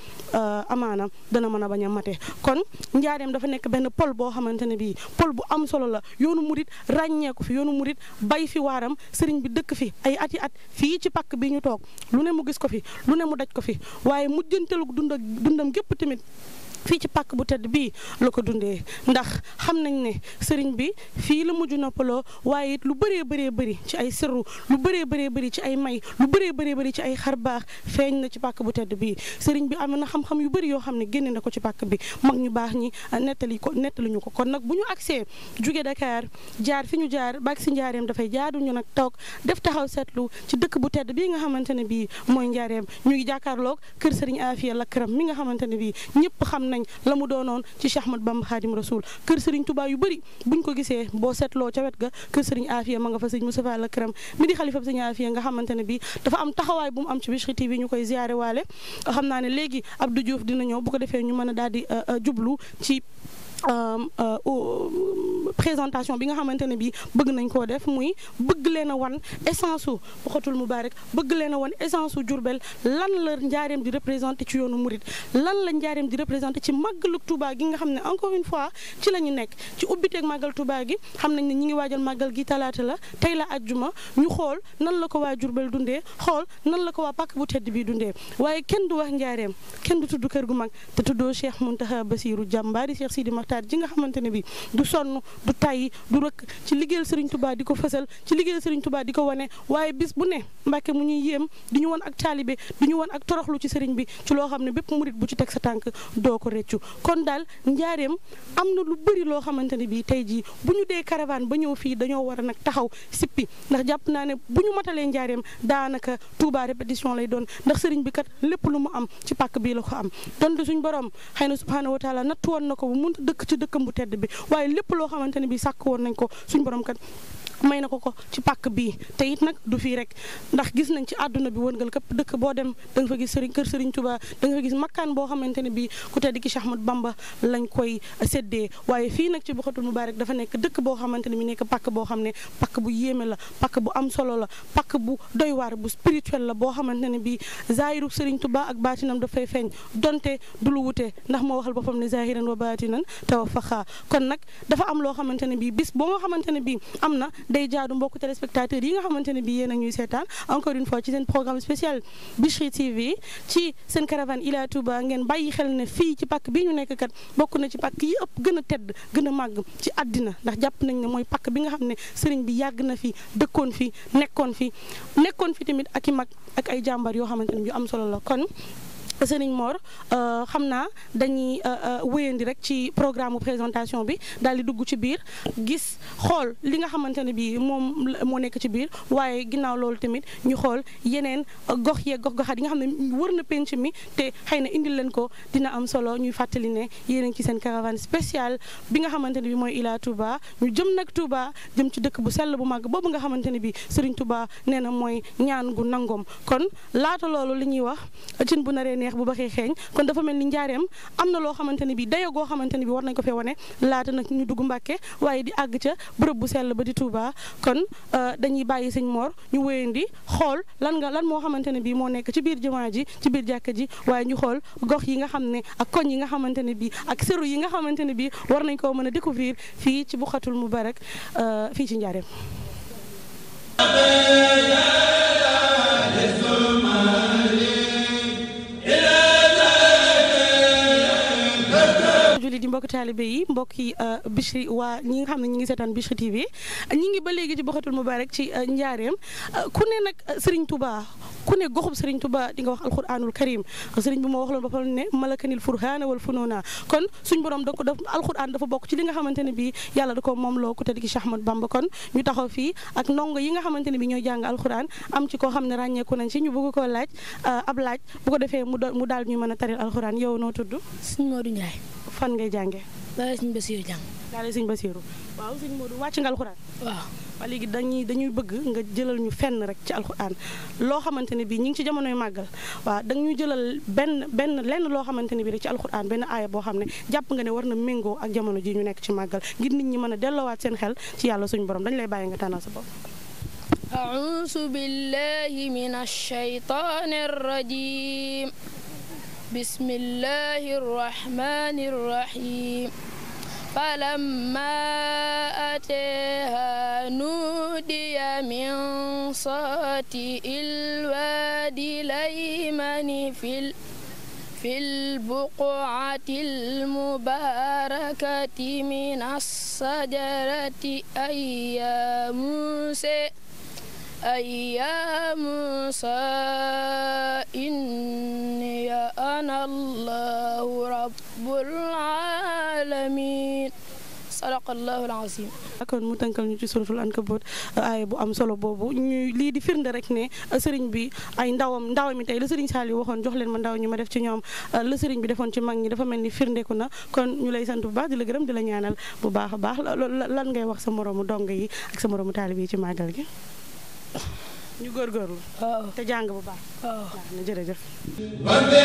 amaana dana mën a bañ a mate kon njaareem dafa nekk benn pôle boo xamante ne bii pôle bu am solo la yoonu murit ràññeeku fi yoonu murit bay fi waaram sëriñ bi dëkk fi ay at yi at fii ci pàkk bi ñu toog lu ne mu gis ko fi lu ne mu daj ko fi waaye mujjanteelu dund dundam gépp tamit fii ci pàkk bu tedd bii la ko dundee ndax xam nañ ne sëriñ bi fii la mujj noppaloo waaye it lu bëree bëree bëri ci ay sirru lu bëree bëree bëri ci ay may lu bëree bëree bari ci ay xar baax feeñ na ci pàkk bu tedd bii sëriñ bi am na xam-xam yu bëri yoo xam ne génne na ko ci pàkk bi mag ñu baax ñi ah, nettali ko nettali ko kon nag bu ñu agsee jóge Dakar jaar fi ñu jaar baag si njaareem dafay jaaruñu nag toog def taxaw seetlu ci dëkk bu tedd bii nga xamante ne bii mooy njaareem ñu ngi kër sëriñ Afia Lakram mi nga xamante ne bii xam nañ la mu doonoon ci Cheikh Ahmad Bamba Xaadim Rasul kër Serigne Touba yu bëri buñ ko gisee boo seetloo ca wet ga kër Serigne Afia ma nga fa Serigne Moustapha Lakram mi di xalifa Serigne Afia nga xamante bi dafa am taxawaay bu am ci Bichri TV ñu koy ziyaare waale xam naa ne léegi Abdou Diouf dina ñëw bu defee ñu mën a euh, euh, jublu ci Euh, présentation bi nga xamante ne bii bëgg nañ koo def muy bëgg leen a wan essence su waxatul Moubarak bëgg leen a wan essence su lan la njaareem di représenté ci yoonu Mouride lan la njaareem di représenté ci màggalu tubaa gi nga xam ne encore une fois ci la ñu nekk ci ubbiteeg màggal tubaa gi xam nañ ne ñi ngi waajal màggal gi talaata la tey la ajjuma ñu xool nan la ko waa jurbel dundee xool nan la ko waa pàkk bu tedd bi dundee waaye kenn du wax njaareem kenn du tudd kër gu mag te tuddoo Cheikh Mountakha Bassirou jàmbaari Makhtar ji nga xamante ne bi du sonn du tàyyi du rëkk ci liggéeyal Serigne Touba di ko fësal ci liggéeyal Serigne Touba di ko wane waaye bis bu ne Mbàkke mu ñuy yéem di ñu woon ak taalibe di ñu woon ak toroxlu ci Serigne bi ci loo xam ne bépp murit bu ci teg sa tànk doo ko réccu kon daal njaareem am na lu bëri loo xamante ne bi tey ji bu ñu dee caravane ba ñëw fii dañoo war a nag taxaw sippi ndax jàpp naa ne bu ñu motalee njaareem daanaka Touba répétition lay doon ndax Serigne bi kat lépp lu mu am ci pàkk bii la am dëkk ci dëkkam bu tedd bi waaye lépp loo xamante ne bi sàkk woon nañ ko suñu borom kat may na ko ko ci pàkk bii te it nag du fii rek ndax gis nañ ci àdduna bi wëngal këpp dëkk boo dem da nga fa gis sëriñ kër sëriñ Tuubaa da nga fa gis makkaan boo xamante ne bii ku tedd ki Cheikh Ahmad Bamba lañ koy séddee waaye fii nag ci Boukhatoul Moubarak dafa nekk dëkk boo xamante ne bi nekk pàkk boo xam ne pàkk bu yéeme la pàkk bu am solo la pàkk bu doy waar bu spirituel la boo xamante ne bii zaahiru sëriñ Tuubaa ak baatinam dafay feeñ donte du lu wute ndax moo waxal boppam ne zaahiran wa baatinan tawafaxa kon nag dafa am loo xamante ne bii bis boo nga xamante ne bii am na day jaadu mbokku téléspectateurs yi nga xamante ne bii yéen a ñuy seetaan encore une fois ci seen programme spécial Bichri TV ci seen caravane Ila Touba ngeen bàyyi xel ne fii ci pàkk bi ñu nekk kat bokk na ci pàkk yi ëpp gën a tedd gën a màgg ci àddina ndax jàpp nañ ne mooy pàkk bi nga xam ne sëriñ bi yàgg na fi dëkkoon fi nekkoon fi nekkoon fi tamit ak i mag ak ay jàmbar yoo xamante ne yu am solo la kon sëriñ moor euh, xam naa dañuy euh, euh, wéyandi rek ci programme présentation bi daal di dugg ci biir gis xool li nga xamante ne bii moom moo nekk ci biir waaye ginnaaw loolu tamit ñu xool yeneen gox yee gox goxaat yi nga xam ne wër na penc mi te xëy na indi leen ko dina am solo ñuy fàttali ne yéen ci seen caravane spéciale bi nga xamante ne bii mooy illa Touba ñu jëm nag Touba jëm ci dëkk bu sell bu màgg boobu nga xamante ne bii sëriñ Touba nee na mooy ñaan gu nangoom neex bu baxee xeeñ kon dafa mel ni njaareem am na loo xamante ne bi dayo goo bi war nañ ko fee wane laata nag ñu dugg Mbàkke waaye di àgg ca bërëb bu sell ba di Touba kon dañuy bàyyi sëñ Mor ñu wéyandi xool lan nga lan moo xamante ne bi moo nekk ci biir jumaa ji ci biir jàkka ji waaye ñu xool gox yi nga xam ne ak koñ yi nga xamante ne bi ak sëru yi nga xamante ne bi war nañ koo mën a découvrir fii ci bu mu Moubarak fii ci njaareem ila julli di mbokki taalibe yi mbokki euh, Bichri waa ñi nga xam ne ñi ngi seetaan Bichri TV ñi ngi ba léegi ci boxatul mubarak ci euh, njaareem euh, ku ne nag Serigne Touba ku ne goxub Serigne Touba di nga wax alquranul karim Serigne bi moo wax loon ba fal ne malakanil furhana wal fununa kon suñ borom donc daf alquran dafa bokk ci li nga xamante ne bi yàlla da ko moom loo ku tedd ki kon ñu taxaw fii ak ndongo yi xamante ne bi ñooy jàng alquran am ci koo xam ne ràññeeku nañ ci ñu bugg koo laaj ab laaj bu ko defee mu daal ñu mën a taril alquran yow noo tudd Serigne Modou Ndiaye fan ngay jànge daal suñ Basiiru jàng daal suñ Basiiru wàcc nga alxuraan waaw waaw léegi dañuy bëgg nga jëlal ñu fenn rek ci alxuraan loo xamante ne bii ñu ngi ci jamonoy màggal waaw da ñu jëlal benn benn lenn loo xamante ne bii rek ci alxuraan benn aaya boo xam ne jàpp nga ne war na méngoo ak jamono ji ñu nekk ci màggal ngir nit ñi mën a delloowaat seen xel ci yàlla suñu borom dañu lay bàyyi nga tànnal sa bopp. A'uuzu billaahi mina shaytaani rajiim. بسم الله الرحمن الرحيم فلما أتيها نودي من صوت الواد الأيمن في ال في البقعة المباركة من الشجرة أي يا موسى أيام موسى إني أنا الله رب العالمين sadaqallaahu al-aziim kon mu tënkal ñu ci suratul Ankabut aaya bu am solo boobu ñu lii di firnde rek ne euh, sëriñ bi ay ndawam ndaw mi tey la sëriñ Saliou waxoon jox leen ma ndaw ñi ma def ci ñoom euh, la sëriñ bi defoon ci mag ñi dafa mel ni firndeku na kon ñu lay sant bu baax di la gërëm di la ñaanal bu baax a baax lan ngay wax sa moroomu dong yi ak sa moroomu taalibe yi ci màggal gi ñu góorgóorlu. waaw te jàng bu baax. waaw na jërëjëf. Bande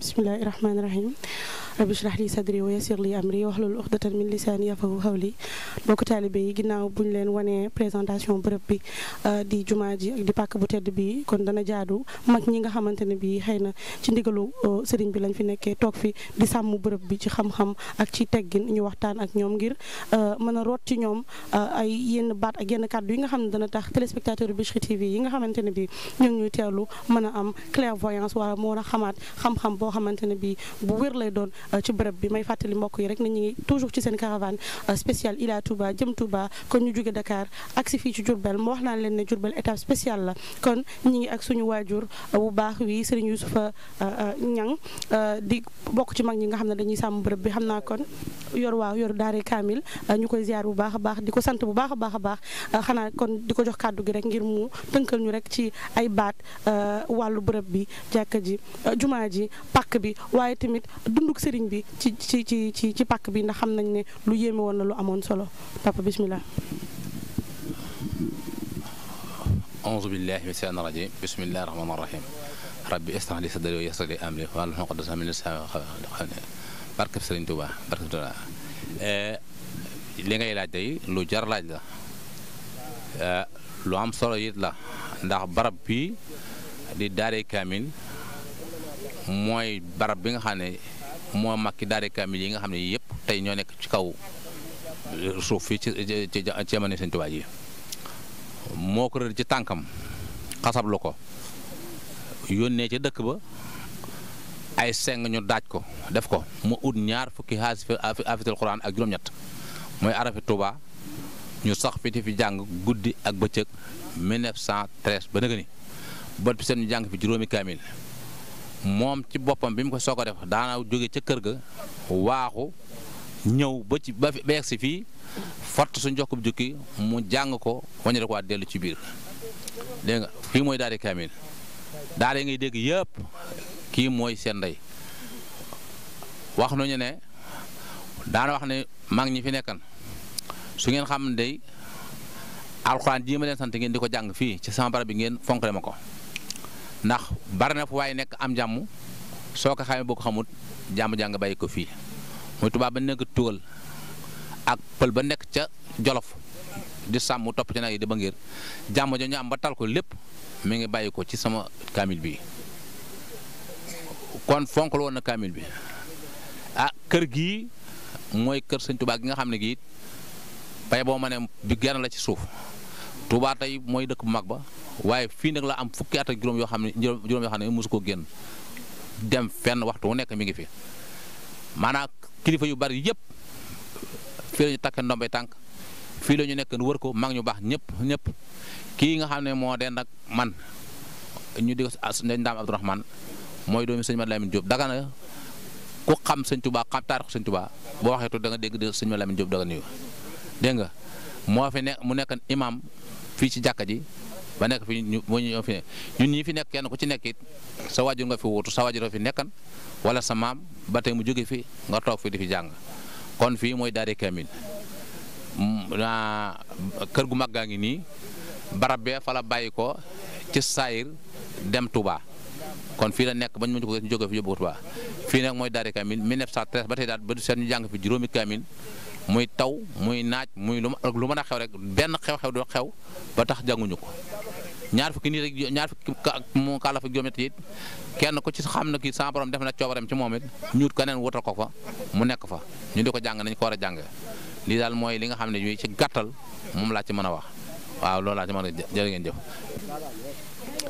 bismillahi rahmaani rahim rabbi shrah li sadri wa yassir li amri wahlul uqdatan min lisaani yafqahu qawli bokk taalibe yi ginnaaw bu ñu leen wanee présentation bërëb bi euh, di jumaa ji di pàkk bu tedd bi kon dana jaadu mag ñi nga xamante ne bi xëy na ci ndigalu euh, sëriñ bi lañ fi nekkee toog fi di sàmm bërëb bi ci xam-xam ak ci teggin ñu waxtaan ak ñoom ngir euh, mën a root ci ñoom ay yenn baat ak yenn kàddu yi nga xam ne dana tax téléspectateur Bichri TV yi nga xamante ne bi ñu ngi ñuy teewlu mën a am clairvoyance wala moo a xamaat xam-xam boo xamante ne bi bu wér lay doon Euh, ci bërëb bi may fàttali mbokk yi rek na ñu ngi toujours ci seen caravane euh, spéciale Ila Touba jëm Touba kon ñu jóge Dakar ak si fii ci Diourbel moo wax naa leen ne Diourbel étape spéciale la kon ñi ngi ak suñu waajur euh, bu baax wi Serigne Youssoufa Niang di bokk ci mag ñi nga xam ne dañuy sàmm bërëb bi xam naa kon yor waa yor daare kaamil ñu koy ziar bu baax a baax di ko sant bu baax a baax a baax xanaa kon di ko jox kàddu gi rek ngir mu tënkal ñu rek ci ay baat wàllu bërëb bi jàkka ji jumaa ji sëriñ bi ci ci ci ci ci pàkk bi ndax xam nañ ne lu yéeme woon na lu amoon solo papa bismillah
auzu billahi min shaytaani rajim bismillahi rahmaani rahim rabbi ishrah li sadri wa yassir li amri wahlul eh, day lu jar laaj la eh, lu am solo it la ndax barab bi di daaree kaamil mooy barab bi nga xam ne moo makki daare kaamil yi nga xam ne yii yëpp tey ñoo nekk ci kaw euh, suuf fii ci ci jamono Sëñ Tuubaa yi moo ko rër ci tànkam xasablu ko yónnee ca dëkk ba ay seng ñu daaj ko def ko mu ut ñaar fukki xaasi afital Quraan ak juróom-ñett mooy arafi Tuubaa ñu sax fi di fi jàng guddi ak bëccëg 1913 ba nëgëni bët bi seen jàng fi juróomi kaamil moom ci boppam bi mu ko soog a def daana jóge ca kër ga waaxu ñëw ba ba beeg si fii fatt suñ jokkub jukki mu jàng ko wañu rek waa dellu ci biir dégg fii mooy daal di kaamil daal di dégg yëpp kii mooy seen ndey wax nañu ne daana wax ne mag ñi fi nekkan su ngeen xam ndey alxuraan jii ma leen sant ngeen di ko jàng fii ci sama barab bi ngeen fonk ma ko ndax bari na fu waaye nekk am jàmm soo ko xamee boo ko xamut jàmm nga bàyyi ko fii muy tubaab ba nekk tugal ak pël ba nekk ca jolof di sàmm topp ci nag yi di ba ngir jàmm jo ñu am ba tal ko lépp mi ngi bàyyi ko ci sama kaamil bi kon fonk la woon na kaamil bi ah kër gii mooy kër sëñ tubaa gi nga xam ne gii pay boo ma ne bi genn la ci suuf tubaa tey mooy dëkk bu mag ba waaye fii nag la am fukki at ak juróom yoo xam ne juróom yoo xam ne mosu koo génn dem fenn waxtu wu nekk mi ngi fi maanaam kilifa yu bari yépp fii la ñu takk ndombay tànk fii la ñu nekk wër ko mag ñu baax ñëpp ñëpp kii nga xam ne moo den nag man ñu di ko Ndaam Abdourahmane mooy doomi sëñ Mame Lamine Diop daga na ku xam sëñ Tuubaa xam taarix sëñ Tuubaa boo waxee tuuti da nga sëñ Mame Lamine Diop daga nii dégg nga moo fi nekk mu nekk imam fii ci jàkka ji. ba nekk fi ñu moo ñoo fi ñii fi nekk kenn ku ci nekk sa waajur nga fi wuutu sa waajur fi nekkan wala sa maam ba tey mu jóge fi nga toog fi di fi jàng kon fii mooy daari kaamil mm, kër gu mag gaa ngi nii barab bee fa bàyyi ko ci saayir dem Touba kon fii la nekk ba ñu mën ko gis ñu jóge fi yóbbu ko Touba fii nag ba tey daal ba du seet ñu jàng fi juróomi kaamil muy taw muy naaj muy lu ak lu mën a xew rek benn xew-xew du xew ba tax jànguñu ko ñaar fukki nit ak ñaar fukki mu kàlla fa juróom-ñett kenn ko ci xam na kii sama borom def na coobareem ci moom it ñuut keneen wutal ko fa mu nekk fa ñu di ko jàng nañ ko war a jàng lii daal mooy li nga xam ne ci gàttal moom laa ci mën a wax waaw loolu laa ci mën a jërë ngeen jëf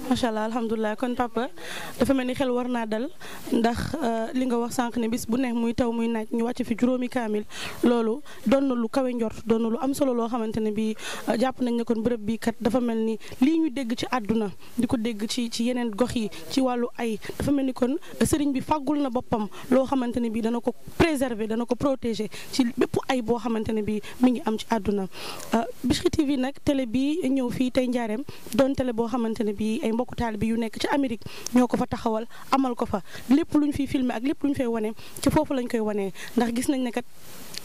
macha allah alhamdulilah kon papa dafa mel ni xel war naa dal ndax euh, li nga wax sànq ne bis bu nekk muy taw muy nag ñu wàcc fi juróomi kaamil loolu doon na lu kawe njort doon na lu am solo loo xamante ne bii euh, jàpp nañ ne kon bërëb bi kat dafa mel ni lii ñu dégg ci àdduna di ko dégg ci ci yeneen gox yi ci wàllu ay dafa mel ni kon euh, sëriñ bi fàggul na boppam loo xamante ne bii dana ko préserver dana ko protéger ci bépp ay boo xamante ne bii mi ngi am ci àdduna Bichri TV nag télé bi ñëw fii tey njaareem doon télé boo xamante ne ay taal bi yu nekk ci Amérique ñoo ko fa taxawal amal ko fa lépp luñ ñu fiy filmer ak lépp lu ñu fay wane ci foofu lañ koy wane ndax gis nañ ne kat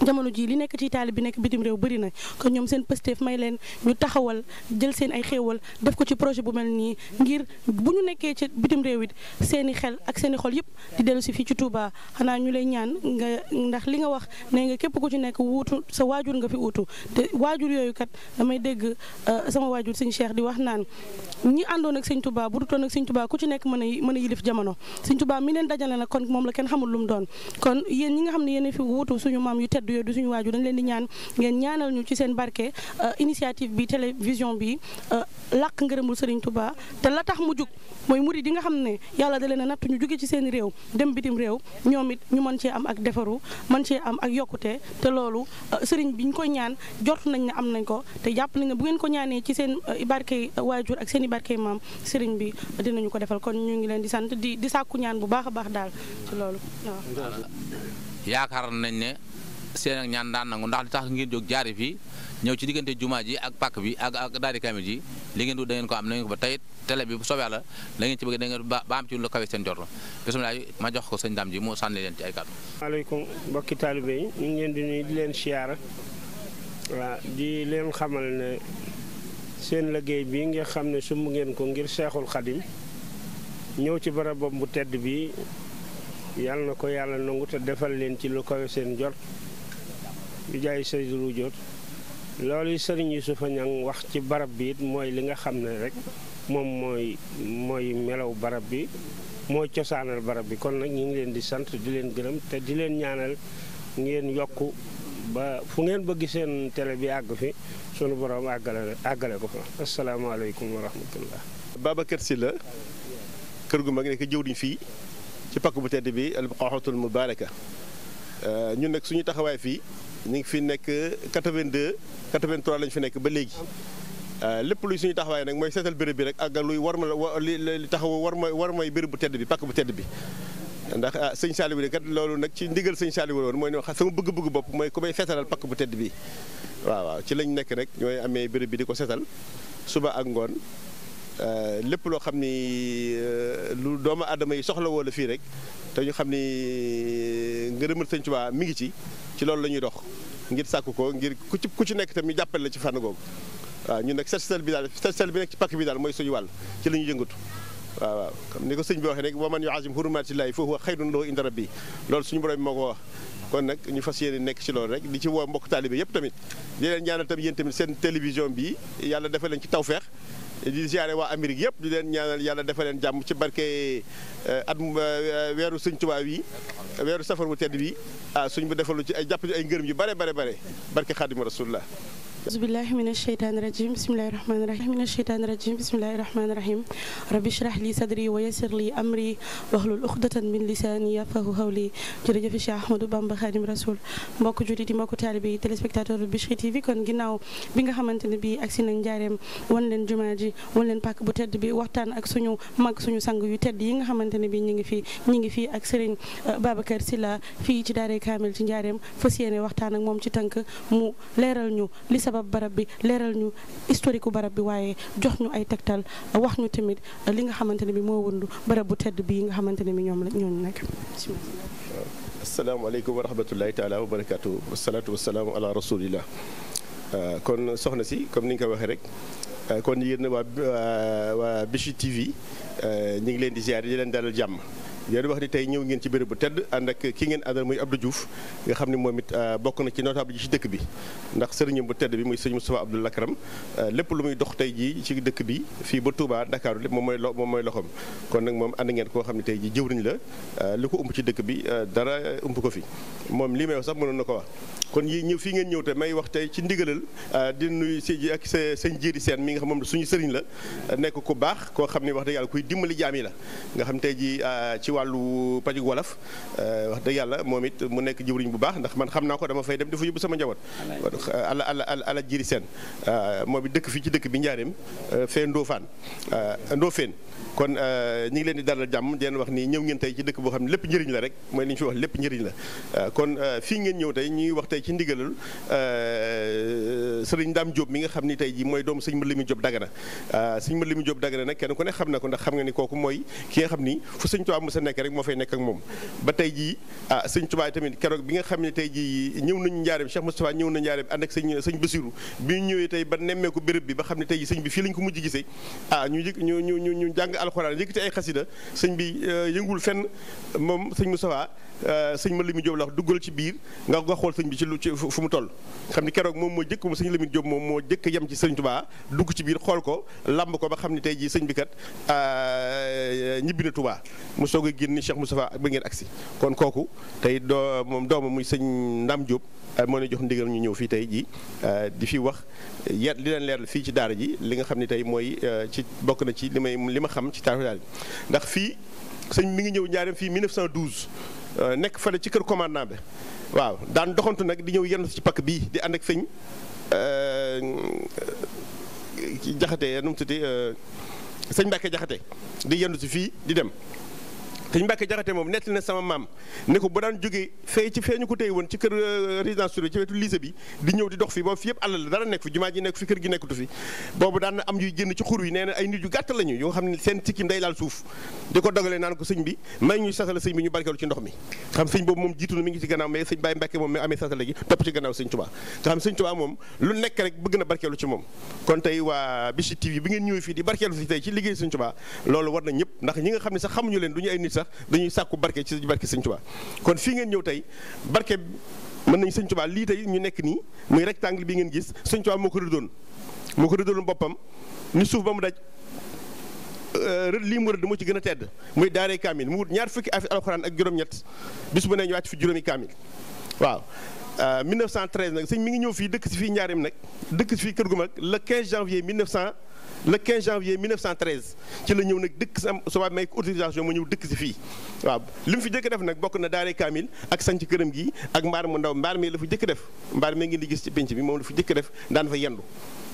jamono ji li nekk ci taali bi nekk bitim réew bëri na kon ñoom seen pësteef may leen ñu taxawal jël seen ay xéewal def ko ci projet bu mel nii ngir bu ñu nekkee ci bitim réew it seen i xel ak seen i xol yëpp di dellu si fii ci Touba xanaa ñu lay ñaan nga ndax li nga wax nee nga képp ku ci nekk wutu sa waajur nga fi uutu te waajur yooyu kat damay dégg euh, sama waajur sëñ Cheikh di wax naan ñi àndoon ak sëñ Touba bu dutoon ak sëñ Touba ku ci nekk mën a mën a yilif jamono sëñ mi leen dajale nag kon moom la kenn xamul lu mu doon tedd yooyu du suñu waajur dañ leen di ñaan ngeen ñaanal ci seen barke euh, initiative bi télévision bi euh, làkk ngërëmul sëriñ Touba te la tax mu jug mooy murid yi nga xam ne yàlla da leen a natt ñu ci seen réew dem bitim réew ñoom ñu mën cee am ak defaru mën cee am ak yokkute te loolu euh, sëriñ bi ñu ñaan jort nañ ne am nañ ko te jàpp nañ bu ngeen ko ñaanee ci seen barkey waajur ak seen i barkey maam sëriñ bi dinañu ko defal kon ñu ngi leen di sant di di sàkku ñaan bu baax a baax daal loolu
yaakaar nañ ne seen ak ñaan daan nangu ndax li tax ngeen jóg jaari fii ñëw ci diggante jumaa ji ak pàkk bi ak ak ji li ngeen du da ko am na ko ba tey télé bi bu soobee la la ngeen ci bëgg da ngeen ba am ci lu kawe seen jot bisimilah ma jox ko sëñ Dame ji mu sànni leen ci ay kàddu.
maaleykum mbokki taalibe yi ñu ngi leen di nuyu di leen siyaara waa di leen liggéey bi nga xam ne sumb ngeen ko ngir seexul xadim ñëw ci barabam bu tedd bi yàlla na ko yàlla nangu te leen ci lu kawe seen jot. bi jaay Seydou Loudiot loolu Serigne Youssoufa Niang wax ci barab bi it mooy li nga xam ne rek moom mooy mooy melaw barab bi mooy cosaanal barab bi kon nag ñu ngi leen di sant di leen gërëm te di leen ñaanal ngeen yokk ba fu ngeen bëgg seen télé bi àgg fi sunu borom àggale àggale ko fa asalaamaaleykum wa
kër si la kër gu mag nekk jëwriñ fii ci pakk bu tedd bi al buqaaxatul Euh, ñun nag suñu taxawaay fii ñu ngi fi nekk 82 83 lañu fi nekk ba léegi euh, lépp luy suñu taxawaay nag mooy seetal béréb bi rek ak luy war ma li taxaw war ma war may béréb bu tedd bi pàkk bu tedd bi ndax ah sëñ Saliou de loolu nag ci ndigal sëñ Saliou woon mooy ne sama bëgg-bëgg bopp mooy ku may seetalal pàkk bu tedd bi waaw waaw ci lañ nekk nag ñooy amee béréb bi di ko seetal suba ak ngoon euh, lépp loo xam ni lu doomu aadama yi soxla woo la fii rek te ñu xam ni euh, ngërëmal sëñ Tuubaa mi ngi ci ci loolu la ñuy dox ngir sàkk ko ngir ku ci ku ci nekk tam ñu jàppale la ci fànn googu waaw ñun nag set bi daal set bi nekk ci pàkk bi daal mooy suñu wàll ci la ñuy yëngatu waaw waaw comme ni ko sëñ bi waxee rek wa man yu'azzim hurumatillahi fa huwa xayrun lahu inda rabbi loolu suñu borom bi moo ko wax kon nag ñu fas yéene nekk ci loolu rek li ci woo mbokk taalibe yëpp tamit di ñaanal tam yéen tamit seen télévision bi yàlla defal leen ci tawfeex di ziare waa Amérique yëpp di leen ñaanal yàlla defal jàmm ci barke eh, at eh, weeru Sëñ Tuubaa wi weeru safar wu tedd ah, bi ah suñ bu defalu ci ay jàpp ay ngërëm yu bare bare bare barke Xaadimu Rasulullah
aousubillahi min asheytaani rajim bismillahi rahmaani rahim min asheytaani rajim bismillahi rahmaani rahim rabbi shrah sadri wa yassir li amri wahlul uqdatan min lisaani yafqahu qawli jërëjëf Cheikh Ahmadou Bamba Khadim Rasoul mbokk jullit yi mbokk taalibe yi téléspectateur Bichri TV kon ginnaaw bi nga xamante ne bi agsi nañ njaareem wan leen jumaa ji leen pàkk bu tedd bi waxtaan ak suñu mag suñu sang yu tedd yi nga xamante ne bi ñu ngi fii ñu ngi fii ak Serigne euh, Babacar Sylla fii ci daaree Kaamil ci njaareem fas yéene waxtaan ak moom ci tànk mu leeral sabab barab bi leeral ñu historique barab bi waaye jox ñu ay tegtal wax ñu tamit li nga xamante ne bi moo wëndu barab bu tedd bi nga xamante ne bi ñoom la ñooñu nekk
asalaamaaleykum wa rahmatullahi taala wa barakaatu wasalaatu wasalaamu ala rasulillah euh, kon soxna si comme ni nga ko waxee rek euh, kon yéen waa waa Bichri TV euh, ñu ngi leen di ziar di leen dalal jàmm yéen wax ni tey ñëw ngeen ci béréb bu tedd ànd ak ki ngeen àndal muy Abdou euh, bokk na ci notable ji ci bi ndax sëriñam bu tedd bi muy sëriñ Moustapha Abdoul Akram euh, lépp lu muy dox tey jii ci dëkk bi fii ba Touba Dakar lépp moom mooy lo moom mooy loxoom kon nag moom ànd ngeen koo xam ne tey jii jëwriñ la euh, li ko ëmb ci dëkk bi dara ëmb ko fi moom lii may sax mënoon na ko wax kon yi ñëw fii ngeen ñëw te may wax tey ci ndigalal di nuyu sëñ ak sëñ jiiri seen mi nga xam moom suñu sëriñ la nekk ku baax koo xam ne wax dëgg yàlla kuy dimbali jaam la nga xam tey ji ci wàllu pajug wolof euh, wax dëgg yàlla moom it mu nekk jëwriñ bu baax ndax man xam naa ko dama fay dem dafa yóbbu sama njaboot ala ala ala jiri seen euh, moom it dëkk fii ci dëkk bi njaareem euh, fee Ndofane Ndofeen kon euh, ñi ngi leen di dalal jàmm di leen wax nii ñëw ngeen tey ci dëkk boo xam ne lépp njëriñ la rek mooy li fi wax lépp njëriñ la euh, kon euh, fii ngeen ñëw tey ñuy wax tey ci ndigalal sëriñ Ndam Diop mi nga xam ni tey ji mooy doomu sëñ Madlamin Diop Dagana sëñ Madlamin Diop Dagana nag kenn ku ne xam na ko ndax xam nga ni kooku mooy ki nga xam ni fu sëñ Tuubaa nekk rek moo fay nekk ak moom ba tey jii ah sëñ Tuubaa tamit keroog bi nga xam ne tey ji ñëw nañu njaareem Cheikh Moustapha ñëw na njaareem ànd ak sëñ sëñ Basiru bi ñu ñëwee tey ba nemmeeku béréb bi ba xam ne tey ji sëñ bi fii lañ ko mujj gisee ah ñu ñu ñu ñu jàng alxuraan te ay xasida sëñ bi euh, yëngul fenn moom sëñ Moustapha euh, sëñ ma Lamine Diop la wax duggal ci biir nga nga xool sëñ bi ci lu ci fu mu toll xam ni keroog moom moo jëkk moom sëñ Lamine Diop moom moo jëkk yem ci sëñ Touba dugg ci biir xool ko lamb ko ba xam ni tey jii sëñ bi kat euh, ñibbi na Touba mu soog a génn ni Cheikh ak ba ngeen agsi kon kooku tey doo moom dooma muy sëñ Ndam jóob moo ne jox ndigal ñu ñëw fii tey ji euh, di fi wax yar li leen leeral fii ci daara ji li nga xam ni tey mooy euh, ci bokk na ci li may li ma xam ci taarixu daara ji ndax fii sëñ mi ngi ñëw njaareem fii 1912 euh, nekk fële ci kër commandant bi waaw daan doxantu nag di ñëw yenn ci pakk bii di ànd ak sëñ jaxate nu mu tuddee sëñ Mbàkke jaxate di yendu si fii di dem sëñ Mbàkke Jaxate moom nettali na sama maam ne ko bu daan jógee fee ci feeñu ko téye woon ci kër euh, résidence turé ci wetu lycée bi di ñëw di dox fi boobu fi yëpp àll la dara nekk fi jumaa ji nekk fi kër gi nekkatu fi yoo xam ne seen sikkim day laal suuf di sëñ bi moom ngi ci gannaaw mais lu nekk rek bëgg na barkeelu ci moom kon tey waa Bichri TV bi ngeen ñëwee fii di barkeelu fi tey ci liggéey sëñ Tuubaa loolu war na ñëpp ndax ñi nga xam ne sax xamuñu leen duñu ay nit sax dañuy sàkku barke ci barke sëñ Tuubaa kon fii ngeen ñëw tey barke mën nañ sëñ Tuubaa lii tey ñu nekk nii muy rectangle bi ngeen gis sëñ Tuubaa moo ko rëddoon moo ko rëddoon boppam ni suuf ba mu daj euh, rëdd lii mu rëdd moo ci gën a tedd muy daaree kaamil mu wut ñaar fukki afi alxuraan ak juróom-ñett bis bu ne ñu wàcc fi juróomi kaamil waaw euh, nag sëñ mi ngi ñëw fii dëkk si fii Njaareem nag dëkk si fii Kër gu mag le janvier le 15 janvier 1913 ci la ñëw nag dëkk si am subaab may autorisation ma ñëw dëkk si fii waaw li mu fi jëkk def nag bokk na daaree kaamil ak sanc këram gi ak mbaar mu ndaw mbaar mi la fi jëkk def mbaar mee ngeen di gis ci pénc bi moom la fi jëkk def daan fa yendu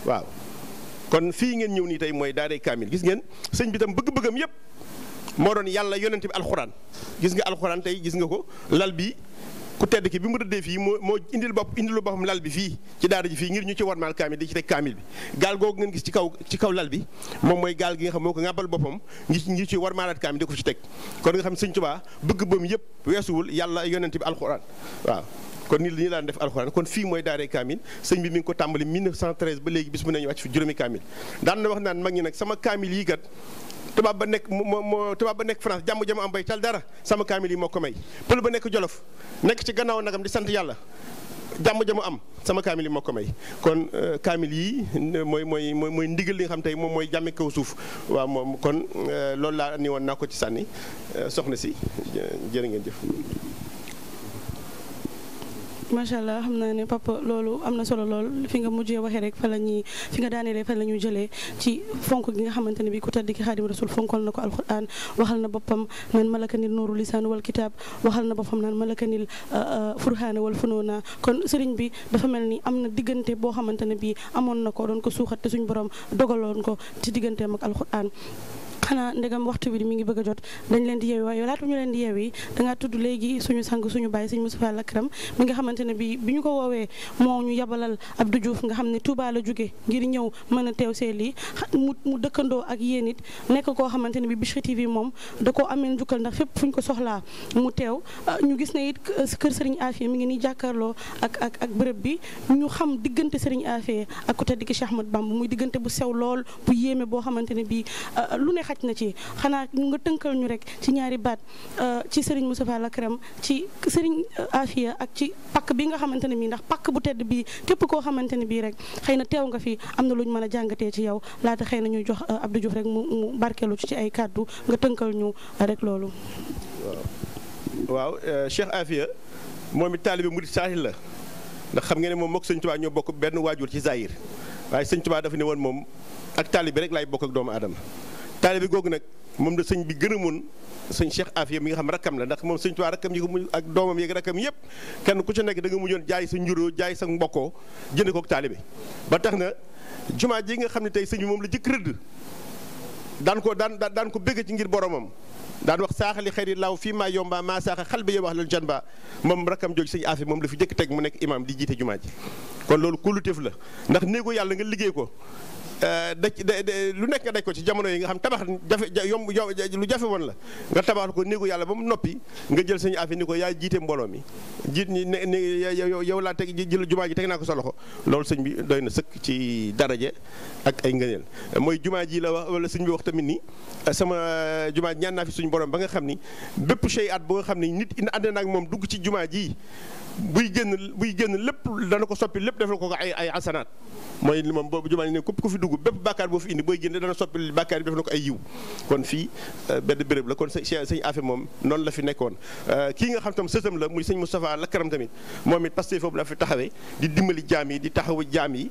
waaw kon fii ngeen ñëw nii tey mooy daaree kaamil gis ngeen sëñ bi tam bëgg-bëggam yépp moo doon yàlla yonent bi alxuraan gis nga alxuraan tey gis nga ko lal bi ku tedd ki bi mu rëddee fii moo moo indil bopp indilu boppam lal bi fii ci daara ji fii ngir ñu ci warmaal kaamil di ci teg kaamil bi gaal googu ngeen gis ci kaw ci kaw lal bi moom mooy gaal gi nga xam moo ko ngàbbal boppam ngi ngi ci warmaalaat kaamil di ko ci teg kon nga xam sëñ Tuubaa bëgg bam yëpp weesuwul yàlla yonent bi alxuraan waaw kon nii nii def alxuraan kon fii mooy daaree kaamil sëñ bi mi ngi ko tàmbali 1913 ba léegi bis mu ne na sama kaamil yi kat tubaab ba nekk moo moo tubaab ba nekk France jàmm jam am bay tal dara sama kaamil yi moo ko may pël ba nekk Jolof nekk ci gannaaw nagam di sant yàlla jàmm jamu am sama kaamil yi moo ko may kon euh, kaamil yi mooy mooy mooy ndigal li nga xam tey moom mooy jàmme kaw suuf waa moom kon euh, loolu laa ni woon naa ko ci sànni euh, soxna si jërë ngeen jëf
macha allah xam naa ne papa loolu am na solo lool fi nga mujjee waxee rek fa la ñuy fi nga daaneelee fa la ñuy jëlee ci fonk gi nga xamante ne bi ku tedd ki xaadim rasul fonkol na ko alquran waxal na boppam naan malakanil nuuru lisaan wal kitaab waxal na boppam naan malakanil uh, uh, furhaana wal funoona kon sëriñ bi dafa mel ni am na diggante boo xamante ne bi amoon na ko doon ko suuxat te suñu borom dogaloon ko ci digganteem ak alquran xanaa ndegam waxtu bi mi ngi bëgg a jot dañ leen di yeewi waaye laata ñu leen di yeewi dangaa tudd léegi suñu sang suñu bàyyi suñu Moustapha Lakram mi nga xamante ne bi ñu ko woowee moo ñu yabalal Abdou Diouf nga xam ne Touba la jóge ngir ñëw mën a teew see lii mu dëkkandoo ak yéen nekk koo xamante ne bi Bichri TV moom da koo amee njukkal ndax fépp fu ñu ko soxlaa mu teew ah, ñu gis ne it kër Serigne Afia mi ngi nii jàkkaarloo ak ak ak bërëb bi ñu xam diggante Serigne Afia ak ku tedd ki Cheikh Ahmad Bamba muy diggante bu sew lool bu yéeme boo xamante ne bi ah, lu ne xaj na ci xanaa nga tënkal ñu rek ci ñaari baat euh, ci Serigne Moustapha Lakram ci sëriñ euh, Afia ak ci pakk bi nga xamante ne bii ndax pakk bu tedd bii képp koo xamante ne bii rek xëy na teew nga fi am na lu ñu mën a jàngatee ci yow laata xëy na ñuy jox euh, Abdou Diouf rek mu mu barkeelu ci ay kàddu nga tënkal ñu rek loolu.
waaw waaw Cheikh Afia moom it taalibe murid saaxil la ndax xam ngeen ne moom mook sëñ Tuubaa ñoo bokk benn waajur ci Zahir waaye sëñ Tuubaa dafa ne woon moom ak taalibe rek laay bokk ak doomu aadama. taalibe googu nag moom la sëñ bi gën a mën sëñ Cheikh Afia mi nga xam rakkam la ndax moom sëñ Tuubaa rakkam yi ko mujj ak doomam yeeg rakkam yëpp kenn ku ci nekk da nga mujjoon jaay sa njuróo jaay sa mbokkoo jënd kook taalibe ba tax na jumaa ji nga xam ne tey sëñ bi moom la jëkk rëdd daan ko daan daan ko bégg ci ngir boromam daan wax saaxali xëy law fii maa yomba maa saaxa xal ba yow wax loolu jan baa moom rakkam jooju sëñ Afia moom la fi jëkk teg mu nekk imaam di jiite jumaa ji kon loolu kóoluteef la ndax néegoo yàlla nga liggéey ko Euh, daj lu nekk nga daj ko ci jamono yi nga xam tabax jafe yomb lu jafe woon la nga tabax ko néegu yàlla ba mu noppi nga jël sañu affaire ni ko yaa jiite mbooloo mi jiit ñi ne ne yow laa teg jël jumaa ji teg naa ko sa loxo loolu sëñ bi doy na sëkk ci daraje ak ay ngëneel mooy jumaa ji la wax wala sëñ bi wax tamit nii sama euh, jumaa ji ñaan naa fi suñu borom ba nga xam ni bépp chey at boo nga xam ni nit indi ànd naag moom dugg ci jumaa ji buy génn buy génn lépp dana ko soppi lépp defal ko ay ay asanaat mooy li moom boobu jumaa ne képp ku fi dugg bépp bàkkaar boo fi indi booy génn dana soppi bàkkaar yi def na ko ay yiw kon fii euh, benn béréb la kon sëñ sëñ affaire moom noonu la fi nekkoon euh, kii nga xam tam sëtam la muy sëñ Moustapha Lakaram tamit moom it parce que foofu la fi taxawee di dimbali jaam yi di taxawu jaam yi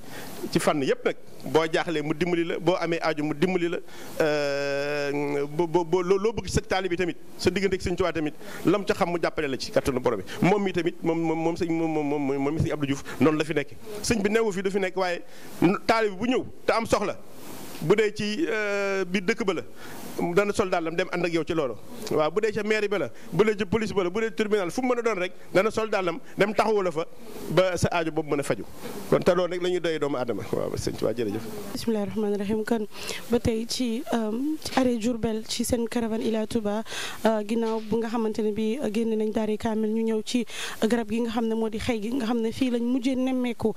ci fànn yëpp nag boo jaaxlee mu dimbali la boo amee aaju mu dimbali la euh, bo bo loo bëgg sa bi tamit sa diggante ak sëñ Tuubaa tamit lam ca xam mu jàppale la ci kattanu borom bi moom mi tamit moom moom moom sëñ moom moom moom moom sëñ Abdou Diouf noonu la fi nekk sëñ bi newu fii du fi nekk waaye taalibe bu ñëw te am soxla bu dee ci euh, bi dëkk ba la dana sol dàllam dem ànd ak yow ci loolu waaw bu dee ca mairie ba la bu dee ca police ba la bu dee tribunal fu mën a doon rek dana sol dem taxawu la fa ba sa aajo boobu mën a faju kon te loolu
ba tey ci um, arrêt uh, ne bi uh, génn nañ daari kaamil ñu ñëw ci uh, garab gi nga xam ne moo di xëy gi nga xam ne fii lañ mujjee nemmeeku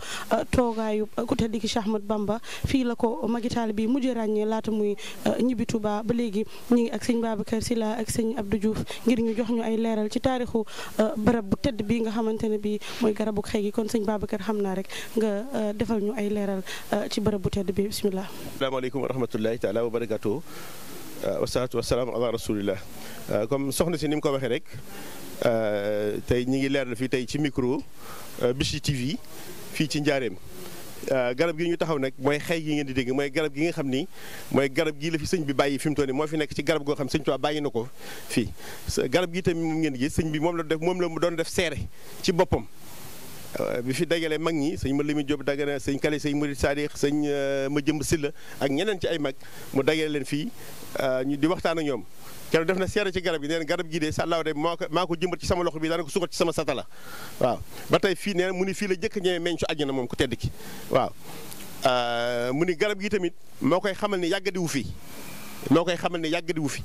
toogaayu ku a ki Cheikh Ahmad Bamba fii la ko magitaal bi mujjee ràññee laata muy ñibbi Touba ba léegi léegi ñu ngi ak sëñ Babacar Sylla ak sëñ Abdou Diouf ngir ñu jox ñu ay leeral ci taarixu euh, barab bu tedd bi nga xamante ne bii mooy garabu xëy gi kon sëñ Babacar xam naa rek nga euh, defal ñu ay leeral euh, ci bërëb bu tedd bi bisimilah.
asalaamaaleykum wa rahmatulahi taala wa comme soxna si nim ko waxee rek tey ñu ngi leeral fii tey ci micro Bichri TV fii ci Njaareem. Euh, garab gi ñu taxaw nag mooy xëy gi ngeen di dégg mooy garab gi nga xam ni mooy garab gii la fi sëñ bi bàyyi fi mu toll nii moo fi nekk ci garab goo xam sëñ Tuubaa bàyyi na ko fii garab gi tamit ngeen gis sëñ bi moom la def moom la mu doon def seere ci boppam Euh, bi fi dagalee mag ñi sëñ ma limi Diop dagana sëñ Kale sëñ Murid Saadix sëñ euh, ma jëmb la ak ñeneen ci ay mag mu dagale leen fii euh, ñu di waxtaan ak ñoom kenn def na seere ci garab gi neen garab gii de sàllaaw de maa ko maa ko jëmbat ci sama loxo bi daana ko ci sama satala waaw ba tey fii neen mu ni fii la jëkk ñeme meñ su àjjana moom ku tedd ki waaw mu ni garab gi tamit moo koy xamal ni yàggadiwu fii noo koy xamal ne yàgg di wu fi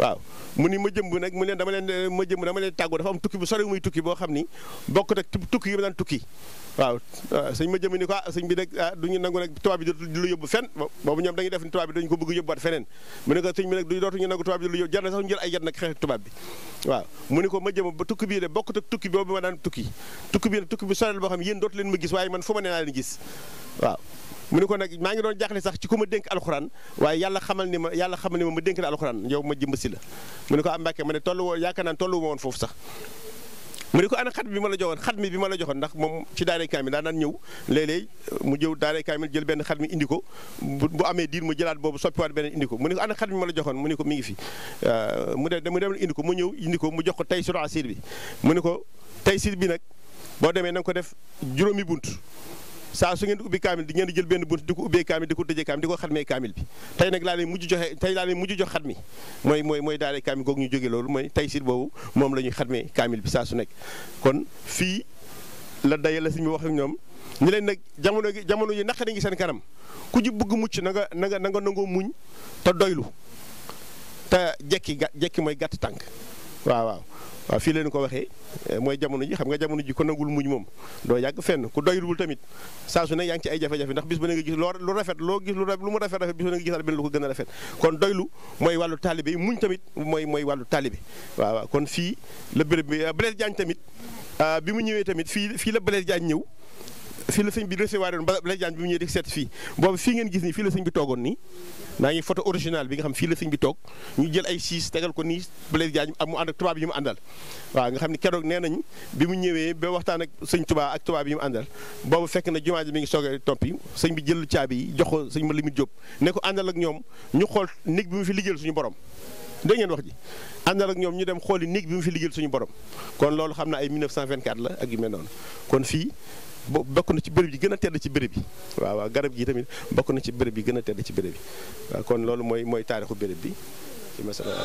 waaw mu ni ma jëmb nag mu ne dama leen ma jëmb dama leen tàggoo dafa am tukki bu sori moo tukki boo xam ni bokk nag tukki yi ma daan tukki waaw sëñ ma jëmb ni ah, bi nag ah, du ñu nangu nag tubaab bi du lu yóbbu fenn boobu def ni tubaab bi dañu feneen mu ne ko sëñ bi nag du dootuñu nangu tubaab bi du lu yóbbu jar na sax ñu jël bi waaw mu ni ko ma jëmb tukki bii de bokk nag tukki boobu ma daan tukki tukki bii nag boo xam yéen dootu leen ma gis waaye man fu ma nee naa leen gis waaw mu ne ko nag maa ngi doon jaaxle sax ci ku ma dénk alxuraan waaye yàlla xamal ni ma yàlla xamal ni ma ma dénk na alxuraan yow ma jëmb si la mu ne ko am ah mbàkke ma woo yaakaar naan tollu ma woon foofu sax mu ne ko ana xat bi ma la joxoon xat mi bi ma joxoon ndax moom ci daaray kaamil daa daan ñëw léeg-léeg mu jëw daaray jël benn xat mi indi ko bu amee diir mu jëlaat boobu soppiwaat beneen indi ko mu ne ko ana xat bi mu ne ko mi ngi fi euh, mu de mu indi ko mu ñëw indi ko mu jox ko tey sur asir bi mu ne ko tey sir bi nag boo demee na ko def juróomi bunt saa su ngeen di ubbi kaamil di ngeen jël benn bunt di ko ubbee kaamil di ko tëjee kaamil tey nag laa leen tey laa leen mujj jox xatmi mooy mooy mooy daale kaamil googu ñu jógee loolu mooy tey siir moom la ñuy xatmee kaamil bi saa su nekk kon fii la daye la si mi wax ak ñoom ñu leen nag jamono gi jamono yi naqari ngi seen kanam ku ji bugg mucc na nga na nga na nangoo muñ te doylu te jekki ga jekki mooy gàtt tànk waaw waaw waa fii leen ko waxee eh, mooy jamono ji xam nga jamono ji ko nangul muñ moom doo yàgg fenn ku doyluwul tamit saa su ne yaa ci ay jafe-jafe ndax bis ba ne nga gis loo lu rafet loo gis lu mu rafet rafet bis ba ne nga gisaat benn lu ko gën a rafet kon doylu mooy wàllu taalibe yi muñ tamit mooy mooy wàllu taalibe waaw kon fii la béréb bi ah, Blaise Diagne tamit ah, bi mu ñëwee tamit fii fii la Blaise Diagne ñëw fii la sëñ bi recevoir yoon ba Blaise Diagne bi mu ñëwee di seet fii boobu fii ngeen gis nii fii la sëñ bi toogoon nii maa ngi foto original bi nga xam fii la sëñ bi toog ñu jël ay siis tegal ko nii Blaise Diagne ak mu ànd ak tubaab yi mu àndal ne keroog nee nañ bi mu ñëwee ba waxtaan ak sëñ tubaab ak tubaab yi mu àndal boobu fekk na jumaa ji mi ngi soogee tompi sëñ bi jël caabi yi jox ko sëñ ma limit jóob ne ko àndal ak ñoom ñu xool néeg bi mu fi liggéeyal suñu borom dégg ngeen wax ji àndal ak ñoom ñu dem xooli néeg bi mu fi liggéeyal suñu borom kon loolu xam na ay 1924 la ak yu mel kon fii bokk na ci béréb yi gën a tedd ci béréb yi waaw garab gi tamit bokk na ci bërëb yi gën a tedd ci béréb yi waaw kon loolu mooy mooy taarixu béréb bi ci masala